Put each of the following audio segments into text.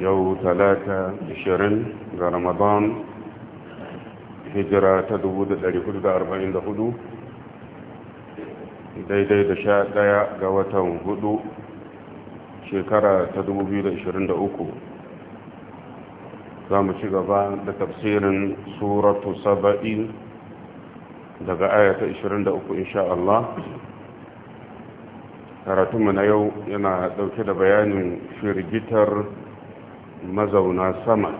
yau talata 20 ga ramadan hijira ta 1444 daidai da sha daya ga watan hudu shekara ta 2023 za mu ci gaba da tafsirin suratu saba'i daga ayata 23 insha Allah karatunmu na yau yana dauke da bayanin firgitar mazauna sama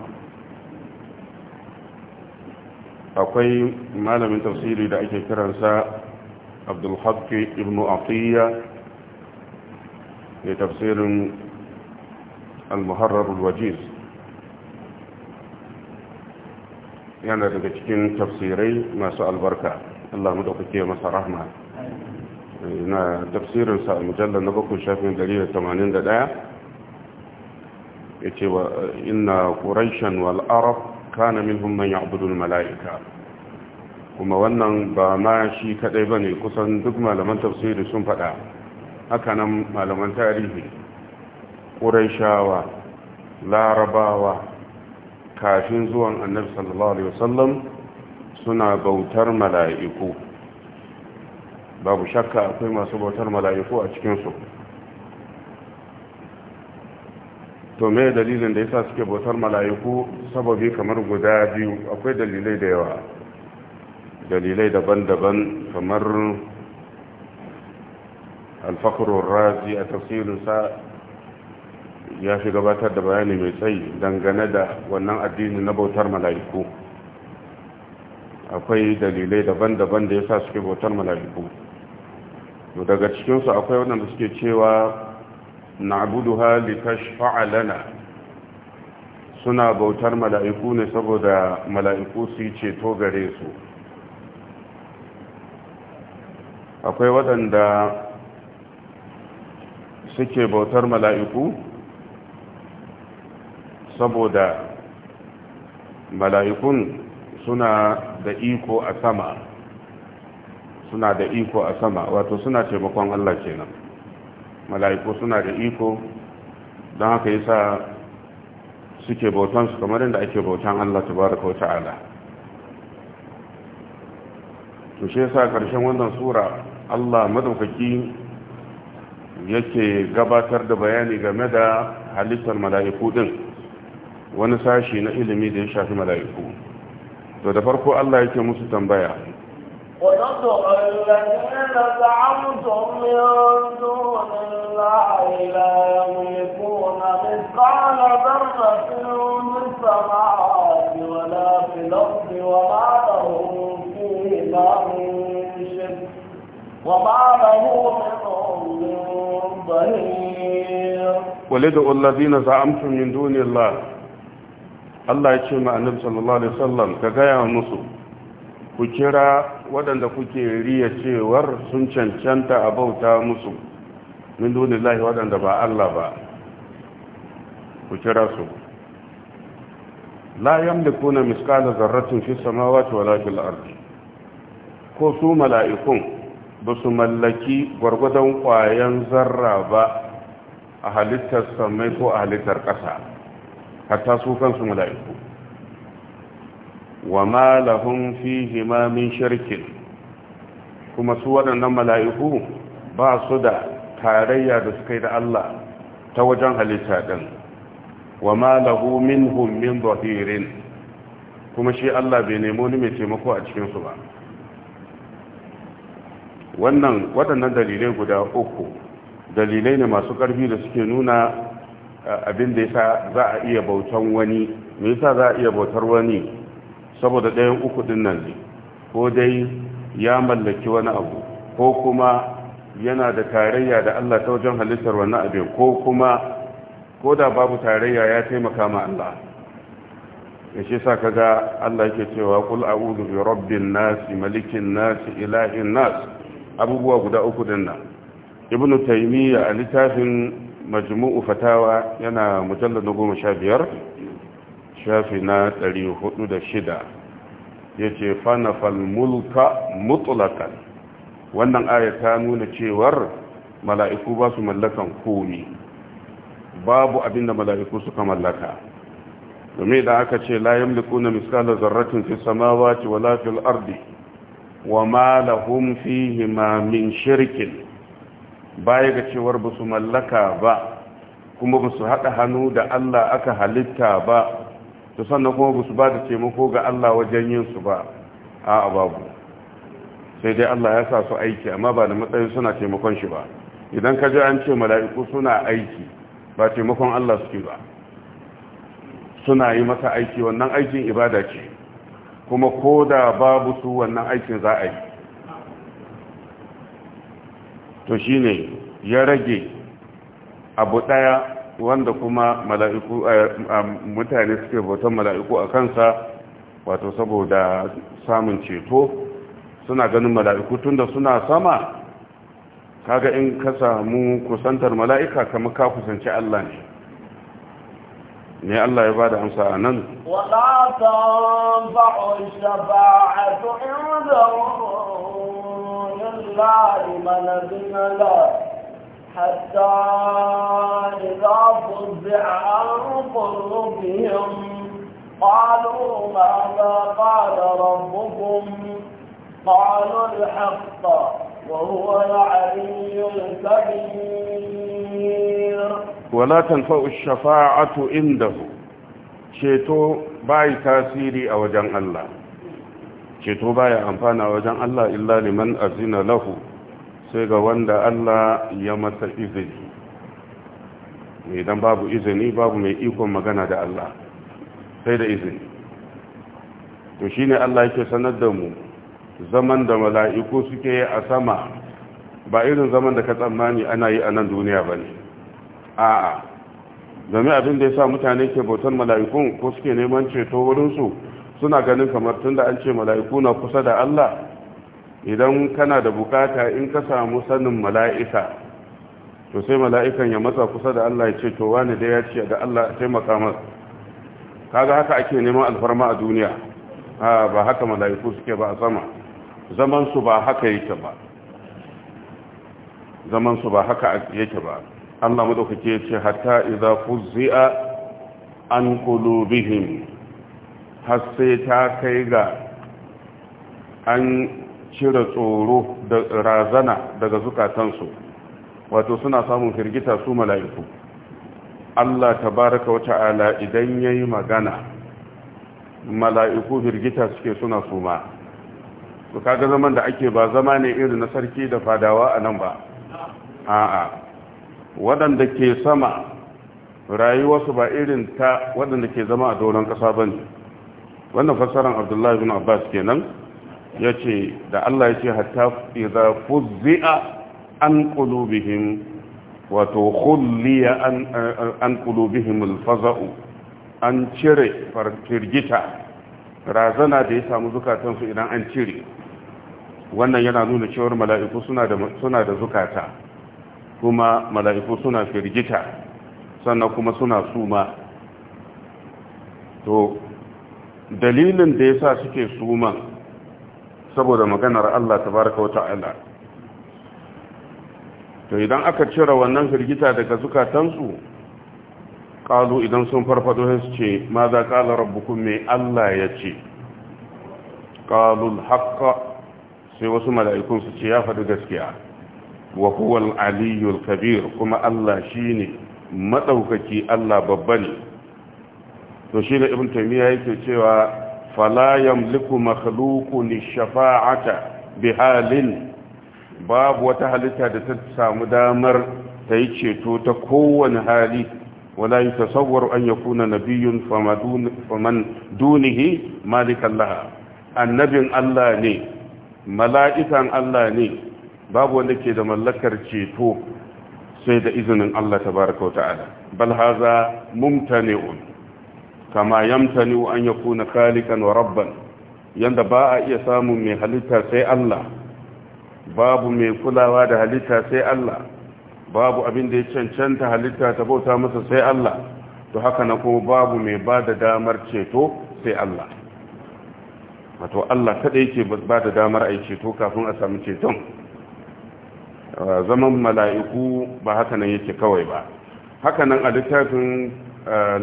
akwai malamin tafsiri da ake kiransa abdulhaki ibn atiyya ne tafsirin al-muharrar wajiz yana daga cikin tafsirai masu albarka Allah mu dauke masa rahma ina tafsirin sa mujallal na bakwai shafin 181 ya ce wa ina ƙuraishen wal'arab kana min man ya'budul mala'ika kuma wannan ba ma shi kadai ba ne kusan duk malaman tafsiri sun faɗa haka nan malaman tarihi ƙuraishawa larabawa kafin zuwan annabi sallallahu alaihi wasallam suna bautar mala'iku babu shakka akwai masu bautar mala'iku a cikinsu to me dalilin da yasa suke bautar mala'iku sababi kamar guda biyu akwai dalilai da yawa dalilai daban-daban kamar alfakarun razi a tafsirinsa ya fi gabatar da bayani mai tsayi dangane da wannan addini na bautar mala'iku akwai dalilai daban-daban da yasa suke bautar mala'iku daga cikinsu akwai waɗanda suke cewa na'buduha litashfa'a lana suna bautar mala'iku ne saboda mala'iku su yi ceto gare su akwai waɗanda suke bautar mala'iku saboda mala'ikun suna da iko a sama suna da iko a sama wato suna taimakon Allah kenan mala'iku suna da iko don haka yasa suke bautan su kamar yadda ake bautan Allah tabaraka ta'ala to shi yasa karshen wannan sura Allah madaukaki yake gabatar da bayani game da halittar mala'iku din wani sashi na ilimi da ya shafi mala'iku to da farko Allah yake musu tambaya وندعو الذين زعمتم من دون الله لا يملكون مثقال ذرة في السماوات ولا في الأرض وما لهم فيها من شرك وما له منهم من الذين زعمتم من دون الله الله ya ce صلى الله عليه وسلم wasallam ka ku kira waɗanda kuke riya cewar sun cancanta a bauta musu min lahi, waɗanda ba Allah ba ku kira su la yamlikuna misqala dharratin fi samawati wala fil ardi ko su mala'ikun ba su mallaki gwargwadon kwayan zarra ba a halittar samai ko a halittar ƙasa hatta su kansu mala'iku wa ma lahum shirkin kuma su waɗannan mala'iku ba su da tarayya da suka yi da Allah ta wajen halitta ɗin wa ma lahu minhum kuma shi Allah bai nemo ni mai taimako a cikinsu ba wannan waɗannan dalilai guda uku dalilai ne masu ƙarfi da suke nuna eh, abin da yasa za a iya wani me yasa za a iya bautar wani saboda ɗayan uku ɗin nan ne ko dai ya mallaki wani abu ko kuma yana da tarayya da Allah ta wajen halittar wannan abin ko kuma ko da babu tarayya ya taimaka ma Allah ya shi sa kaga Allah yake cewa qul a'udhu bi rabbin nas malikin nas ilahin nas abubuwa guda uku din nan ibnu taymiya a littafin majmu'u fatawa yana mujallad 15 shafi na 406 ya ce fanafal mulka mutulakan wannan aya ta nuna cewar mala'iku ba su mallakan komi babu abinda mala'iku suka mallaka domin da aka ce layan likuna miskalar zarrakin, fi samawa ce wa lafil ardi wa ma lahum shirkin baya ga cewar ba su mallaka ba kuma ba su haɗa hannu da Allah aka halitta ba to sannan kuma ba su ba da taimako ga Allah wajen yin su ba a babu sai dai Allah ya sa su aiki amma ba da matsayin suna taimakon shi ba idan ka ji an ce mala'iku suna aiki ba taimakon Allah suke ba suna yi masa aiki wannan aikin ibada ce kuma ko da babu su wannan aikin za a yi to shine ya rage abu ɗaya. wanda kuma mala'iku eh, mutane suke bautan mala'iku a kansa wato saboda samun ceto suna ganin mala'iku tunda suna sama kaga in ka samu kusantar mala'ika kama ka kusanci Allah ne ne Allah ya bada amsa a nan wala حتى إذا فزع عن قلوبهم قالوا ماذا قال ربكم قالوا الحق وهو العلي الكبير ولا تنفع الشفاعة عنده شيتو باي تاثيري أو جن الله شيتو باي أنفان أو جن الله إلا لمن أذن له sai ga wanda Allah ya masa izini idan babu izini babu mai ikon magana da Allah sai da izini to shine Allah yake sanar da mu zaman da mala'iku suke yi a sama ba irin zaman da ka tsammani ana yi a nan duniya ba ne a'a domin abin da ya sa mutane ke bautar mala'ikun ko suke neman ceto wurinsu suna ganin kamar tun da an ce mala'iku na kusa da Allah idan kana da bukata in ka samu sanin mala'ika to sai mala'ikan ya matsa kusa da Allah ya ce to wani da ya ce da Allah taimaka masa kaga haka ake neman alfarma a duniya ba haka mala'iku suke ba a sama Zamansu ba haka yake ba Zamansu ba haka yake ba Allah madaukake ke ce hatta ku zi'a an qulubihim har sai ta kai ga an cire tsoro da razana daga zukatansu wato suna samun firgita su mala'iku Allah tabaraka wa ta'ala idan yayi magana mala'iku firgita suke suna suma to kaga zaman da ake ba zama ne irin na sarki da fadawa a nan ba a'a waɗanda ke sama rayuwarsu ba irin ta waɗanda ke zama a doron ƙasa ne. wannan fassarar Abdullahi bin Abbas kenan ya ce da Allah ya ce hatta idza fuzzi'a an qulubihim wato khulliya an an qulubihim alfaza'u an cire firgita razana da ya samu zukatan su idan an cire wannan yana nuna cewa mala'iku suna da suna da zukata kuma mala'iku suna firgita sannan kuma suna suma to dalilin da yasa suke suman saboda maganar Allah Ta Baraka wa ta'ala to idan aka cire wannan firgita daga zukatansu kalu idan sun farfado su ce ma za kala rabbukum mai Allah ya ce kalul haƙa sai wasu mala'ikun su ce ya faɗi gaskiya wa aliyu kabir kuma Allah shi ne, matsaukaki Allah babba ne to shi da ibn taymiya yake cewa fala yamliku makhluqun shafa'ata bihalin babu wata halitta da ta samu damar ta yi ceto ta kowane hali wala yatasawwaru an yakuna nabiyyun faman dunihi malikan laha annabin Allah ne mala'ikan Allah ne babu wanda ke da mallakar ceto sai da izinin Allah tabaraka wa ta'ala bal haza mumtani'un kama yamtani an yakuna khaliqan wa rabban yanda ba a iya samun mai halitta sai Allah babu mai kulawa da halitta sai Allah babu abin da ya cancanta halitta ta bauta masa sai Allah to haka na kuma babu mai ba da damar ceto sai Allah wato Allah kada yake ba da damar a ceto kafin a samu ceton zaman mala'iku ba haka nan yake kawai ba haka nan a littafin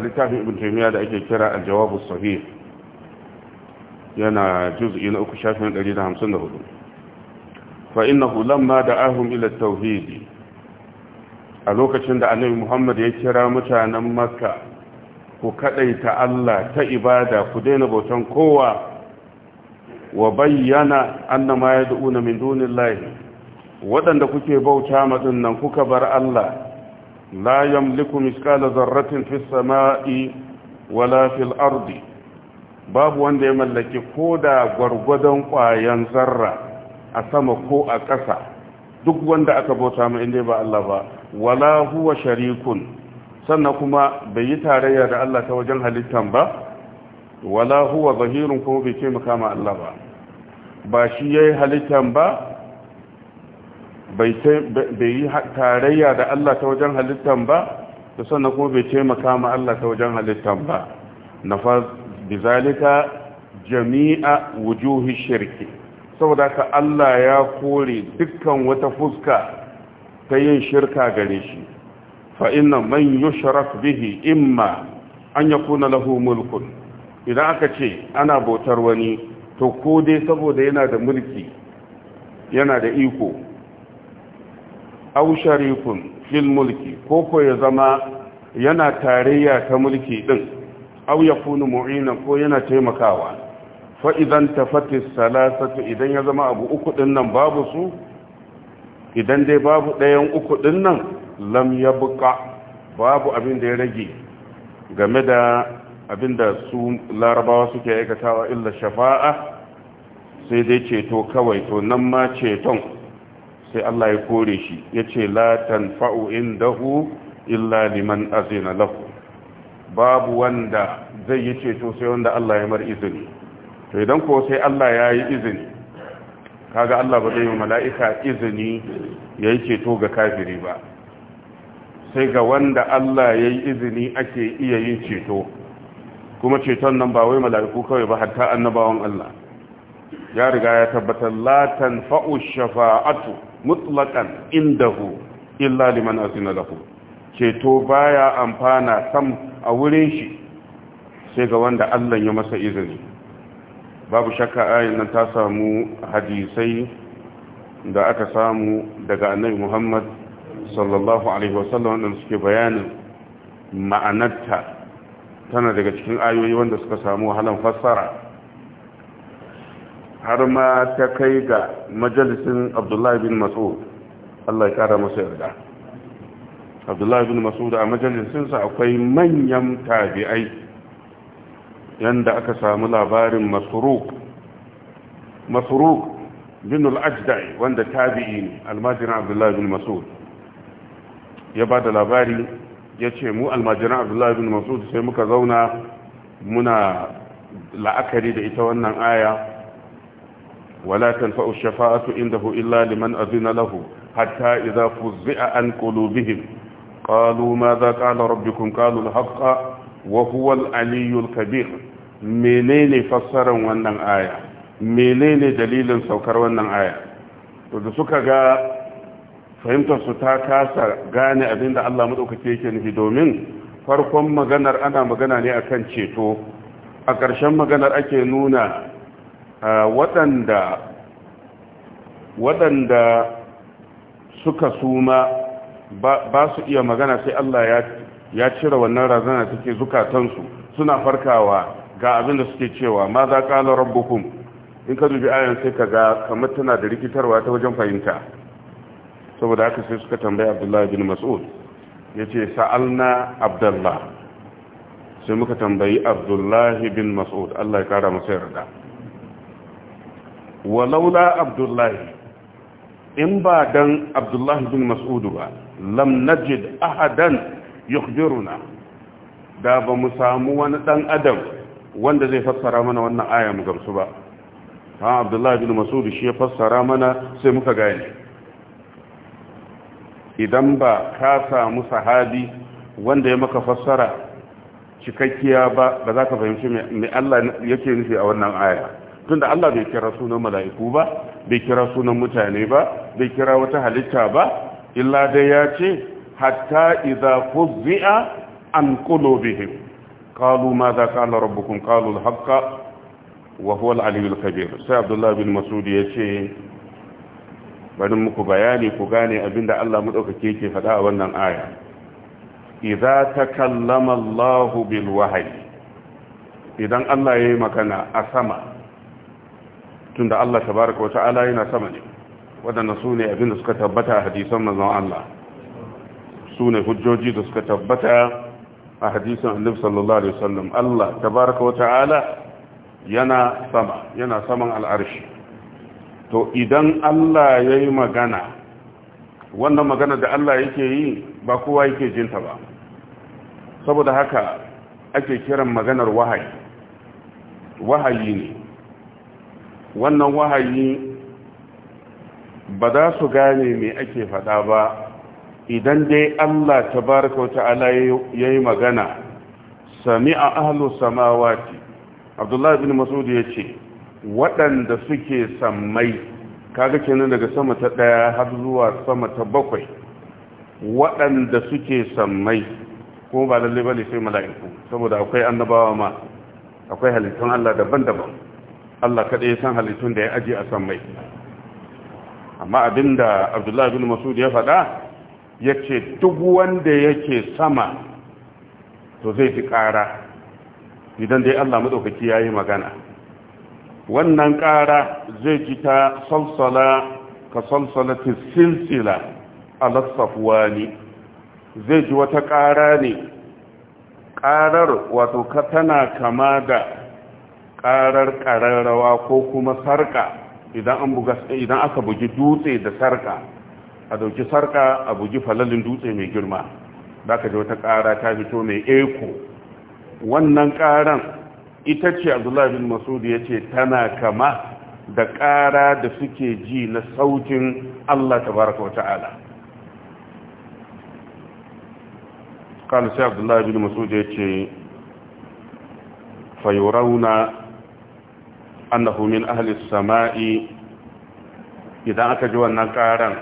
littafin ibn taymiya da ake kira al-jawabu sahih yana juz'i na uku shafin 154 fa innahu lamma da'ahum ila tauhid a lokacin da annabi muhammad ya kira mutanen makka ku kadaita Allah ta ibada ku daina bautan kowa wa bayyana ma yad'una min dunillahi waɗanda kuke bauta matsin nan kuka bar Allah لا يملك مثقال ذرة في السماء ولا في babu wanda ya mallaki ko da gwargwadon ƙwayan zarra a sama ko a ƙasa duk wanda aka bauta mu inda ba Allah ba wala huwa sharikun sannan kuma bai yi tarayya da Allah ta wajen halittan ba wala huwa zahirun kuma bai ce makama Allah ba ba shi yayi halittan ba bai yi tarayya da Allah ta wajen halittan ba da sannan kuma bai taimaka ma Allah ta wajen halittan ba na fa bizalika jami'a wujuhi shirki saboda ka Allah ya kore dukkan wata fuska ta yin shirka gare shi fa inna man yushraf bihi imma an yakuna lahu mulkun idan aka ce ana bautar wani to ko dai saboda yana da mulki yana da iko aw sharifin fil mulki ko ko ya zama yana tarayya ta mulki din aw yakunu mu'ina ko yana taimakawa fa idan tafati salasatu idan ya zama abu uku din nan babu su idan dai babu ɗayan uku din nan lam yabqa babu abin da ya rage game da abin da su larabawa suke aikatawa illa shafa'a sai dai ceto kawai to nan ma ceton sai Allah ya kore shi ya ce la tanfa'u indahu illa liman azina lahu babu wanda zai yi ceto sai wanda Allah ya mar izini to idan ko sai Allah ya yi izini kaga Allah ba zai yi mala'ika izini ya yi ceto ga kafiri ba sai ga wanda Allah ya yi izini ake iya yin ceto kuma ceton nan ba wai mala'iku kawai ba hatta annabawan Allah ya riga ya tabbata latan tanfa'u shafa'atu mutlaqan indahu illa liman azina lahu ceto baya amfana sam a wurin shi sai ga wanda Allah ya masa izini babu shakka ayin ta samu hadisai da aka samu daga annabi Muhammad sallallahu alaihi wasallam wanda suke bayanin ma'anarta tana daga cikin ayoyi wanda suka samu halin fassara har ma ta kai ga majalisin abdullahi bin mas'ud Allah ya kara masa yarda abdullahi bin mas'ud a majalisinsa akwai manyan tabi'ai yanda aka samu labarin Masruk, Masruk bin al-ajdai wanda tabi'i ne almajirin abdullahi bin mas'ud ya ba da labari ya ce mu almajiran abdullahi bin masud sai muka zauna muna la'akari da ita wannan aya ولا تنفع الشفاعة عنده إلا لمن أذن له حتى إذا فزع عن قلوبهم قالوا ماذا قال ربكم قالوا الحق وهو العلي الكبير منين فسر wannan aya menene dalilin saukar wannan aya to da suka ga fahimtar ta kasa gane abinda Allah madaukake yake nufi domin farkon maganar ana magana ne akan ceto a ƙarshen maganar ake nuna Ah, waɗanda suka suma ba su iya magana sai Allah ya cire wannan razana take zukatansu suna farkawa ga abin da suke cewa ma za ƙala rabbukum in ka dubi ayan sai ka ga kamar tana da rikitarwa ta wajen fahimta saboda haka sai suka tambaye abdullahi bin mas'ud ya ce sa'alna abdullah sai muka tambayi abdullahi bin mas'ud Allah ya kara masa yarda walaula abdullahi in ba dan abdullahi bin mas'udu ba Lamnajid ahadan yukhbiruna da ba mu samu wani dan adam wanda zai fassara mana wannan aya mu gamsu ba ha abdullahi bin mas'udu shi ya fassara mana sai muka gane idan ba ka samu sahabi wanda ya maka fassara cikakkiya ba ba za ka fahimci me Allah yake nufi a wannan aya tunda Allah bai kira sunan mala'iku ba bai kira sunan mutane ba bai kira wata halitta ba illa dai ya ce hatta idza fuzzi'a an qulubihim qalu ma za qala rabbukum qalu al-haqqa wa huwa al kabir sai Abdullah bin Mas'ud ya ce bari muku bayani ku gane abinda Allah madaukake yake faɗa a wannan aya idza takallama Allahu bil wahyi idan Allah yayi magana a sama tunda Allah tabaraka wa ta'ala yana sama ne waɗannan su ne abin da suka tabbata a hadisan manzon Allah su ne hujjoji da suka tabbata a hadisan annabi sallallahu alaihi wasallam Allah tabaraka wa ta'ala yana sama yana saman al'arshi to idan Allah yayi magana wannan magana da Allah yake yi ba kowa yake jinta ba saboda haka ake kiran maganar wahayi wahayi ne wannan wahayi ba za su gane me ake faɗa ba idan dai Allah ta wata ala ya yi magana Sami sami'a ahlus samawati bin masudu ya ce, waɗanda suke sammai kaga kenan daga sama ta ɗaya har zuwa sama ta bakwai waɗanda suke sammai kuma ba lalle ne sai mala'iku saboda akwai annabawa ma akwai halittun Allah daban-daban Allah kaɗai ya san halittun da ya aji a san mai amma abinda abdullahi bin masud ya faɗa ya ce duk wanda yake sama to zai fi ƙara idan dai Allah maɗaukaki ya yi magana wannan ƙara zai ji ta salsala ka salsalati silsila ne zai ji wata ƙara ne ƙarar wato ka tana kama da ƙarar ƙararrawa ko kuma sarka idan aka bugi dutse da sarka a dauki sarka a bugi falalin dutse mai girma za ka ji wata ƙara ta fito mai eko wannan ƙaran ita ce abdullahi bin Masud ya ce tana kama da ƙara da suke ji na sautin allah tabaraka wa ta'ala قال Abdullahi bin Masud ya ce Fayorauna. annahu min ahli samai idan aka ji wannan karan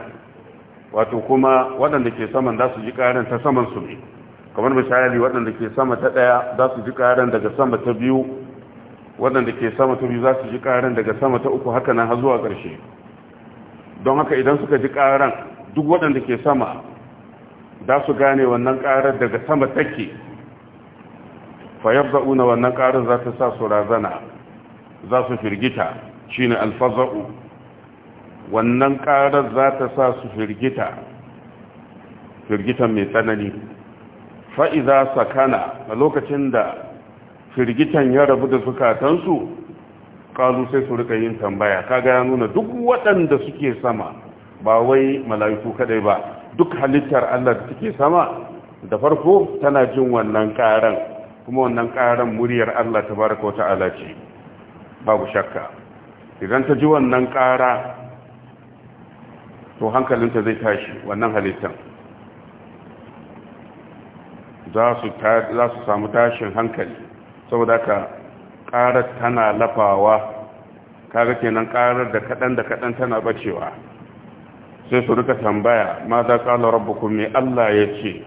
wato kuma waɗanda ke saman za su ji karan ta saman su ne kamar misali waɗanda ke sama ta ɗaya za su ji karan daga sama ta biyu waɗanda ke sama ta biyu za su ji karan daga sama ta uku haka nan har zuwa ƙarshe don haka idan suka ji karan duk waɗanda ke sama za su gane wannan karar daga sama take fa yabda'una wannan karar za ta sa su razana za su firgita shi ne alfaza'u wannan karar za ta sa su firgita firgitan mai tsanani fa'iza sakana a lokacin da firgitan ya rabu da zukatansu kalu sai su rika yin tambaya kaga ya nuna duk waɗanda suke sama ba wai mala'iku kaɗai ba duk halittar Allah da suke sama da farko tana jin wannan ƙaran kuma wannan ƙaran muryar Allah Ta baraka wata ce babu shakka idan ta ji wannan ƙara to hankalinta zai tashi wannan halittan za su samu tashin hankali saboda ka ƙarar tana lafawa kaga kenan ƙarar da kaɗan da kaɗan tana bacewa sai su rika tambaya ma za ka rabu ku me Allah ya ce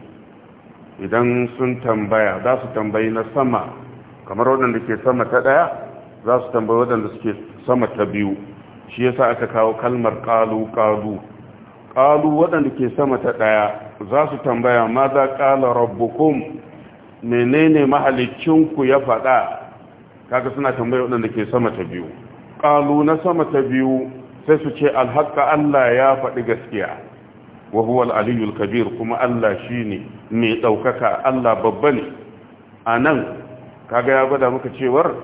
idan sun tambaya za su tambayi na sama kamar waɗanda ke sama ta ɗaya za su tambayi waɗanda suke sama ta biyu shi yasa aka kawo kalmar ƙalu ƙalu ƙalu waɗanda ke sama ta ɗaya za su tambaya ma za ƙala rabbukum menene mahalicinku ya faɗa kaga suna tambayi waɗanda ke sama ta biyu ƙalu na sama ta biyu sai su ce alhaƙa Allah ya faɗi gaskiya wa huwa al kabir kuma Allah shine mai ɗaukaka Allah babba ne a nan kaga ya gwada muka cewar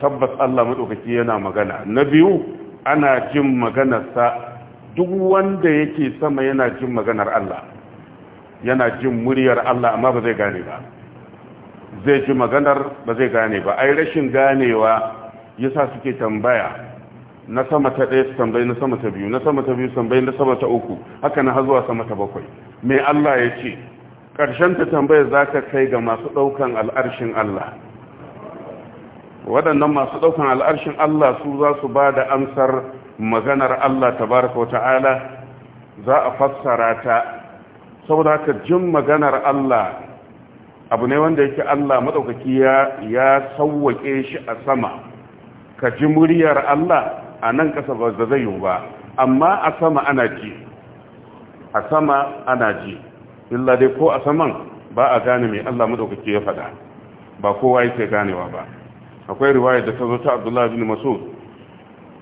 tabbas Allah madaukaki yana magana na biyu ana jin maganarsa duk wanda yake sama yana jin maganar Allah yana jin muryar Allah amma ba zai gane ba zai ji maganar ba zai gane ba ai rashin ganewa yasa suke tambaya na sama ta ɗaya su tambayi na sama ta biyu na sama ta biyu su tambayi na sama ta uku haka na hazuwa sama ta bakwai me Allah ya ce ƙarshen ta tambayar za ka kai ga masu ɗaukan al'arshin Allah waɗannan masu ɗaukan al'arshin Allah su za su ba da amsar maganar Allah tabaraka wata'ala za a fassara ta saboda haka jin maganar Allah abu ne wanda yake Allah maɗaukaki ya sauwaƙe shi a sama ka ji muryar Allah a nan ƙasa ba da zai yiwu ba amma a sama ana ji a sama ana ji illa dai ko a saman ba a gane mai Allah maɗaukaki ya faɗa ba kowa yake ganewa ba akwai riwaya da ta zo ta abdullahi bin masud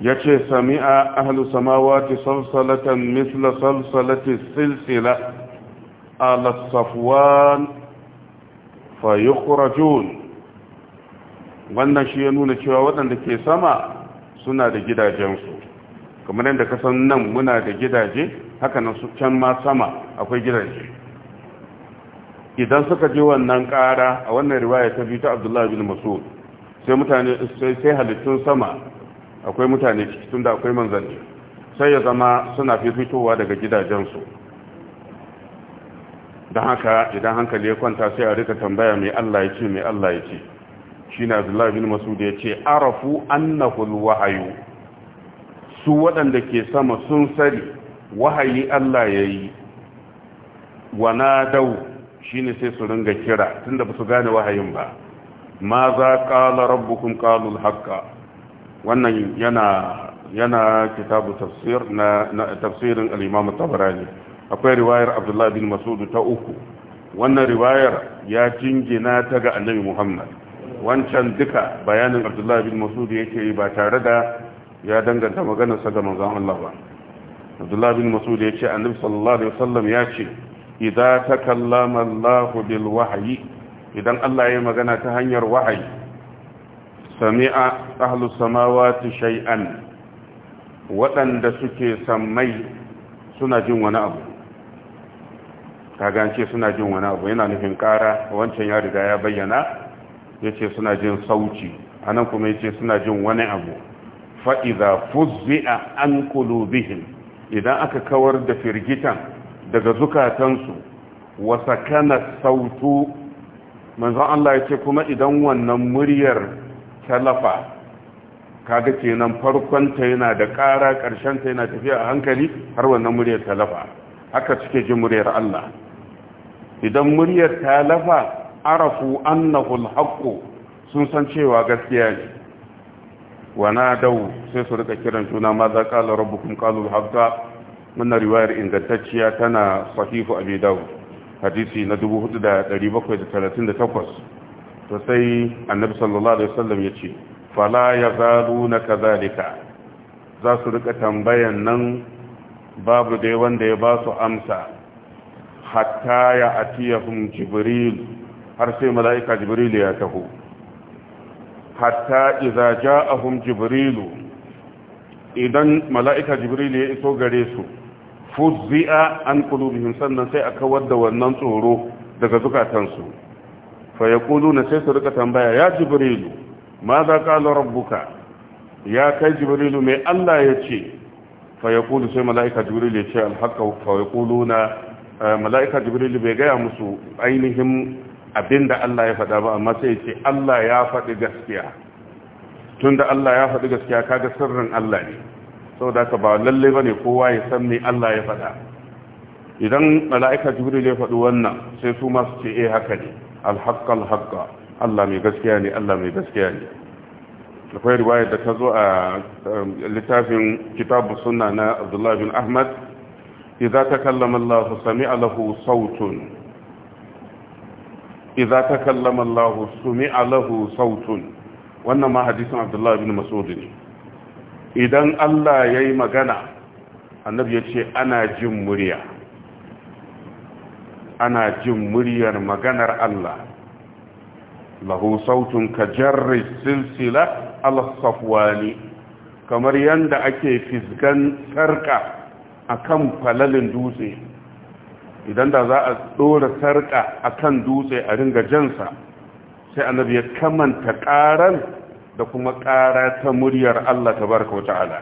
ya ce sami'a ahalu samawati salsalatan misla salsalati silsila ala safwan fa yukhrajun wannan shi ya nuna cewa waɗanda ke sama suna da gidajensu kamar yadda ka san nan muna da gidaje haka nan su can ma sama akwai gidaje idan suka je wannan ƙara a wannan riwaya ta biyu ta abdullahi bin masud sai mutane sai halittun sama akwai mutane ciki tun da akwai manzanni sai ya zama suna fifitowa daga gidajensu don haka idan hankali ya kwanta sai a rika tambaya mai Allah ya ce mai Allah ya ce shi na abdullahi bin masud ya ce arafu annahul wahayu su waɗanda ke sama sun sari wahayi Allah ya yi wana dau shi ne sai su ringa kira tun da ba su gane wahayin ba ma za ƙala rabbukum kalul haka? wannan yana yana kitabu tafsir na, na tafsirin al-imam tabarani akwai riwayar abdullahi bin Masudu ta uku wannan riwayar ya jingina ta ga annabi muhammad wancan duka bayanin abdullahi bin mas'ud yake ba tare da ya danganta maganarsa ga manzon Allah ba abdullahi bin mas'ud yace annabi sallallahu alaihi wasallam ya ce idza takallama Allah bil wahyi idan Allah ya magana ta hanyar wahayi sami'a ahlus samawati shay'an waɗanda suke sammai suna jin wani abu kagance suna jin wani abu yana nufin ƙara wancan ya riga ya bayyana ya ce suna jin sauci a nan kuma ya ce suna jin wani abu fa'iza fuzzi'a an kulubihim idan aka kawar da firgitan daga zukatansu wasa kana sautu manzon Allah ya ce kuma idan wannan muryar talafa kaga kenan farkon ta yana da ƙara ƙarshen ta yana tafiya a hankali har wannan muryar talafa haka suke ji muryar Allah idan muryar talafa arafu annahul alhaqu sun san cewa gaskiya ne wana dau sai su rika kiran juna ma za qala rabbukum qalu alhaqa wannan riwayar ingantacciya tana sahihu abi dawud hadisi na 4738 to sai annabi sallallahu alaihi wasallam ya ce fala ya yazaluna kadhalika za su rika tambayan nan babu dai wanda ya ba su amsa hatta ya atiyahum jibril har sai mala'ika jibril ya taho hatta a ja'ahum jibril idan mala'ika jibril ya iso gare su fuzzi'a an qulubihim sannan sai a kawar da wannan tsoro daga zukatansu fa yaquluna sai su rika tambaya ya jibrilu ma za qala rabbuka ya kai jibrilu mai Allah ya ce fa yaqulu sai malaika jibril ya ce alhaqa fa yaquluna eh, malaika jibril bai gaya musu ainihin abinda Allah ya faɗa ba amma sai ya ce Allah ya faɗi gaskiya tunda Allah ya faɗi gaskiya kaga sirrin Allah ne sau da ka ba lalle ne kowa ya san me Allah ya faɗa idan mala'ika jibril ya faɗi wannan sai su ma su ce eh haka ne alhaqqal haqqa Allah mai gaskiya ne Allah mai gaskiya ne akwai riwaya da ta zo a um, littafin kitabu sunna na Abdullahi bin Ahmad idza takallama Allah sami'a lahu sautun idza takallama Allah sami'a lahu sautun wannan ma hadisin Abdullah bin Mas'ud ne idan Allah ya yi magana annabi ya ce ana jin murya ana jin muryar maganar Allah lahu sautun ka jarri silsila al-safwani kamar yanda ake fisgan sarka akan falalin dutse idan da za a dora sarka akan dutse a ringa jansa sai annabi ya kamanta karan da kuma ƙara ta muryar Allah tabaraka wa ta'ala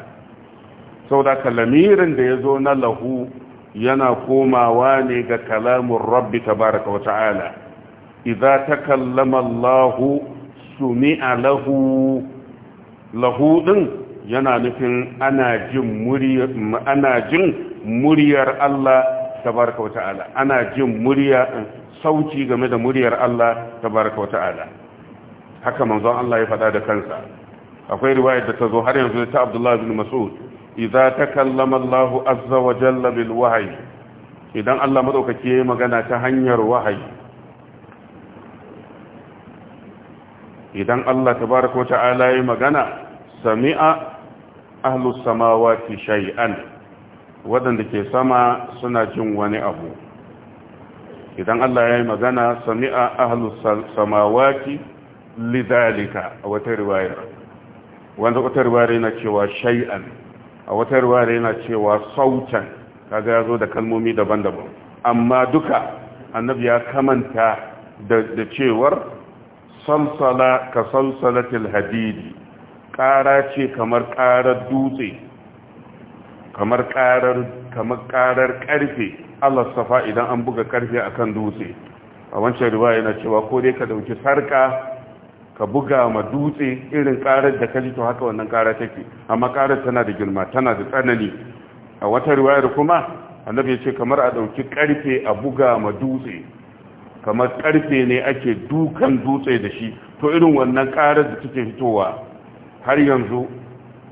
saboda kalamirin da ya zo na lahu yana komawa ne ga kalamun rabbi tabaraka wa ta'ala idza takallama su sumi'a lahu lahu din yana nufin ana jin muryar ana jin muryar Allah wa ta'ala ana jin murya sauci game da muryar Allah tabaraka wa ta'ala haka manzon Allah ya faɗa da kansa akwai riwayar da ta zo har yanzu ta Abdullah bin Mas'ud idza takallama Allah azza wa jalla bil wahyi idan Allah madaukake ya magana ta hanyar wahayi idan Allah tabaaraka ta'ala ya magana sami'a ahlus samawati shay'an waɗanda ke sama suna jin wani abu idan Allah ya yi magana sami'a ahlus samawati lidhalika a wata riwaya wanda wata riwaya yana cewa shay'an a wata riwaya yana cewa sautan kaga yazo da kalmomi daban-daban amma duka annabi ya kamanta da cewar salsala ka samsalatil hadid Kara ce kamar karar dutse kamar karar kamar karar karfe. Allah safa idan an buga karfe akan dutse a wancan riwaya yana cewa ko dai ka dauki sarka ka buga ma dutse irin karar da kaji to haka wannan kara take amma karar tana da girma tana da tsanani a wata riwayar kuma annabi ya ce kamar a dauki karfe a buga ma dutse kamar karfe ne ake dukan dutse da shi to irin wannan karar da take fitowa har yanzu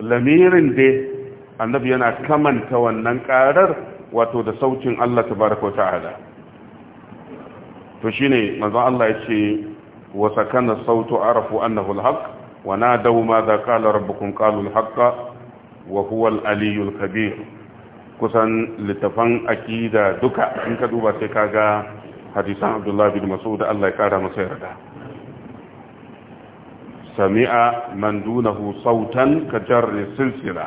lamirin dai annabi yana kamanta wannan karar wato da saukin Allah tabaraka wa ta'ala to shine manzon Allah ya ce وسكن الصوت عرفوا أنه الحق ونادوا ماذا قال ربكم قالوا الحق وهو العلي الكبير كسن لتفن أكيدا دكا إنك دوبا تكاغا حديث عبد الله بن مسعود الله يكاد مسيردا سمع من دونه صوتا كجر السلسلة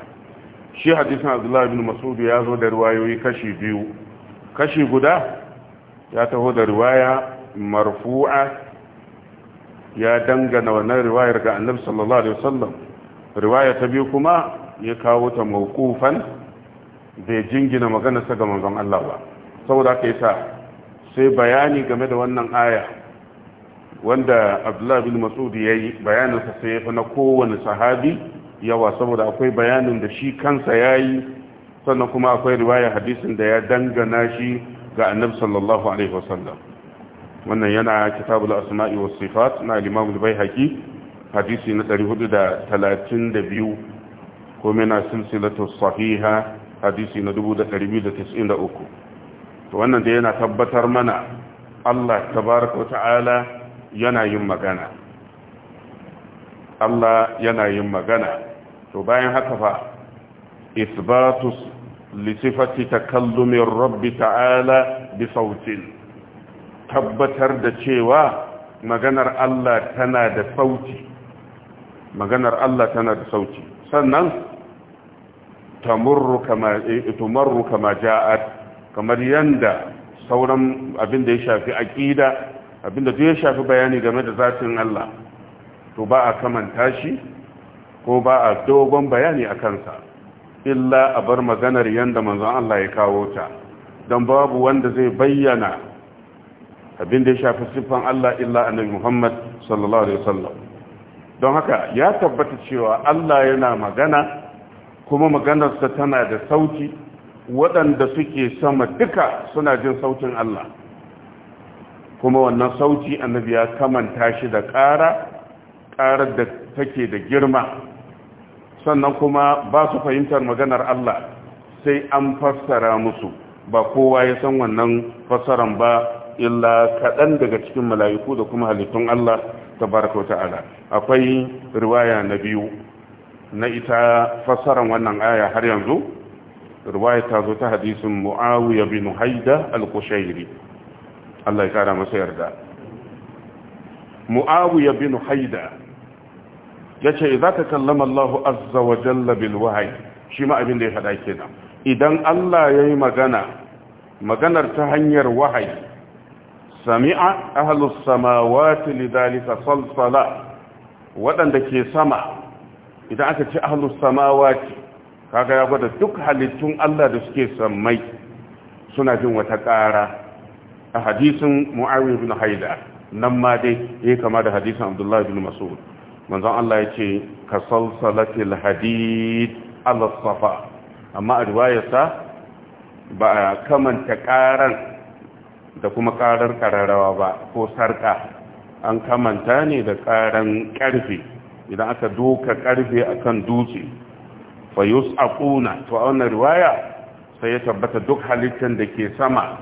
shi hadisin abdullahi bin masudu ya zo da riwayoyi kashi biyu kashi guda ya taho da riwaya marfu'a ya dangana wannan riwayar ga annabi sallallahu alaihi wasallam riwaya ta biyu kuma ya kawo ta mawqufan bai jingina magana sa ga manzon Allah ba saboda haka yasa sai bayani game da wannan aya wanda Abdullah bin Mas'ud yayi bayanin sa sai fa na kowanne sahabi yawa saboda akwai bayanin da shi kansa yayi sannan kuma akwai riwaya hadisin da ya dangana shi ga annabi sallallahu alaihi wasallam wannan yana kitabul asma'i was sifat na al-imam al-baihaqi hadisi na 432 ko mena silsilatu sahiha hadisi na 2293 to wannan da yana tabbatar mana Allah tabaaraka ta'ala yana yin magana Allah yana yin magana to bayan haka fa isbatu li sifati takallumi rabbi ta'ala bi sautin tabbatar da cewa maganar Allah tana da sauti maganar Allah tana da sauti sannan tamurru kama eh, tumarru kama ja'at kamar yanda sauran abin da ya shafi aqida abin da ya shafi bayani game da zatin Allah to ba a kamanta shi ko ba a dogon bayani a kansa illa a bar maganar yanda manzon Allah ya kawo ta don babu wanda zai bayyana abin da ya shafi siffan Allah illa annabi Muhammad sallallahu alaihi wasallam don haka ya tabbata cewa Allah yana magana kuma maganarsa tana da sauti waɗanda suke sama duka suna jin sautin Allah kuma wannan sauti annabi ya kamanta shi da ƙara ƙara da take da girma sannan kuma ba su fahimtar maganar Allah sai an fassara musu ba kowa ya san wannan fassaran ba illa kaɗan daga cikin mala'iku da kuma halittun Allah ta baraka ta'ala akwai riwaya na biyu na ita fasaran wannan aya har yanzu riwaya ta zo ta hadisin muawiya bin haida al-qushairi Allah ya kara masa yarda muawiya bin haida yace idza takallama Allah azza wa jalla bil wahyi shi ma abin da ya faɗa kenan idan Allah yayi magana maganar ta hanyar wahayi sami'a ahlus samawati lidhalika salsala wadanda ke sama idan aka ce ahlus samawati kaga ya gwada duk halittun Allah da suke sammai suna jin wata ƙara a hadisin mu'awiyah bin haida nan ma dai ya kama da hadisin abdullahi bin mas'ud manzon Allah yace ka salsalatil hadid ala amma a riwayarsa ba a kamanta ƙaran da kuma ƙarar ƙararrawa ba ko sarka an kamanta ne da ƙaran ƙarfe idan aka doka ƙarfe kan dutse fa yus'aquna to a wannan riwaya sai ya tabbata duk halittar da ke sama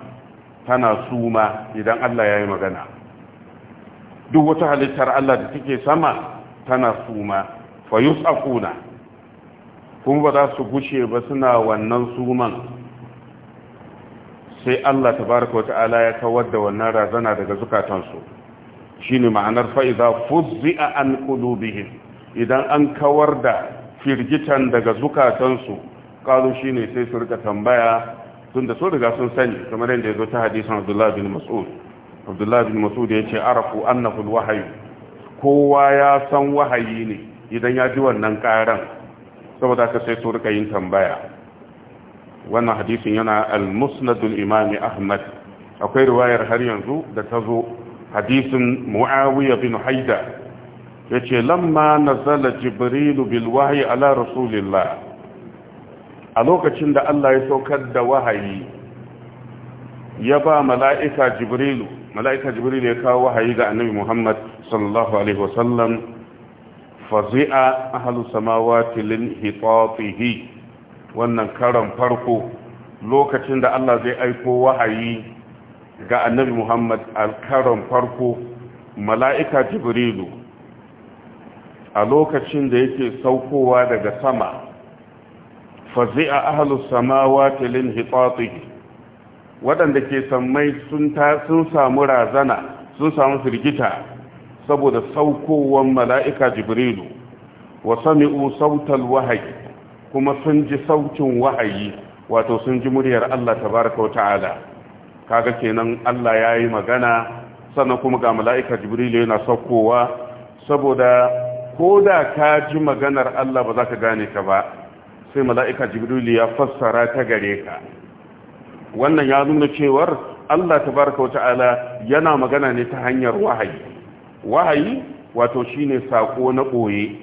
tana suma idan Allah ya yi magana duk wata halittar Allah da take sama tana suma fa yus'aquna kuma ba za su gushe ba suna wannan suman sai Allah tabaraka ala ya kawar da wannan razana daga zukatansu shine ma'anar fa'iza a an qulubihim idan an kawar da firgitan daga zukatansu kazo shine sai su rika tambaya tunda so daga sun sani kamar yadda yazo ta hadisin Abdullah bin Mas'ud Abdullah bin Mas'ud yace arafu annahu wahayi kowa ya san wahayi ne idan ya ji wannan karan saboda ka sai su rika yin tambaya wannan hadisin yana al-musnadul imami ahmad akwai riwayar har yanzu da ta zo hadisin muawiya bin haida yace lamba lamma nazala jibrilu bil wahyi ala rasulillah a lokacin da Allah ya saukar da wahayi ya ba mala'ika jibrilu mala'ika jibrilu ya kawo wahayi ga annabi muhammad sallallahu alaihi wasallam fazi'a ahalu samawati lin hitafihi wannan karon farko lokacin da Allah zai aiko wahayi ga annabi Muhammad karon farko mala'ika jibrilu a lokacin da yake saukowa daga sama fazi'a ahlus samawa lin hitsatsi waɗanda ke sammai sun samu razana sun samu firgita saboda saukowar mala'ika jibrilu wa sami'u sautal wahayi kuma sun ji sautin wahayi wato sun ji muryar Allah tabaraka wa ta'ala kaga kenan Allah ya yi magana sannan kuma ga mala'ika jibrilu yana saukowa saboda ko da ka ji maganar Allah ba za ka gane ka ba sai mala'ika jibrilu ya fassara ta gare ka wannan ya nuna cewar Allah tabaraka wa ta'ala yana magana ne ta hanyar wahayi wahayi wato shine sako na ɓoye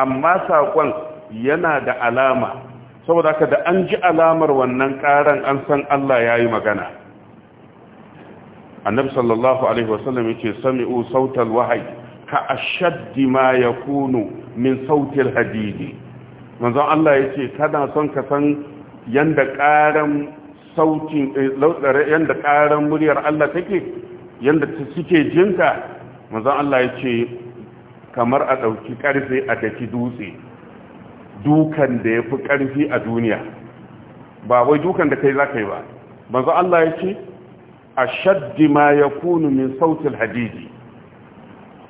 amma saƙon yana da alama saboda ka da an ji alamar wannan karan an san Allah ya yi magana annabi sallallahu alaihi wasallam ya ce sami'u sautal wahayi ka ashaddi ma ya kunu min sautil hadidi manzon Allah ya ce kana son ka san yanda karan sautin eh, yanda karan muryar Allah take yanda suke jinka manzon Allah ya ce kamar a ɗauki ƙarfe a daki dutse dukan da ya fi ƙarfi a duniya ba wai dukan da kai za ka yi ba banzu Allah ya ce a shaddi ma ya kunu min sautin hadidi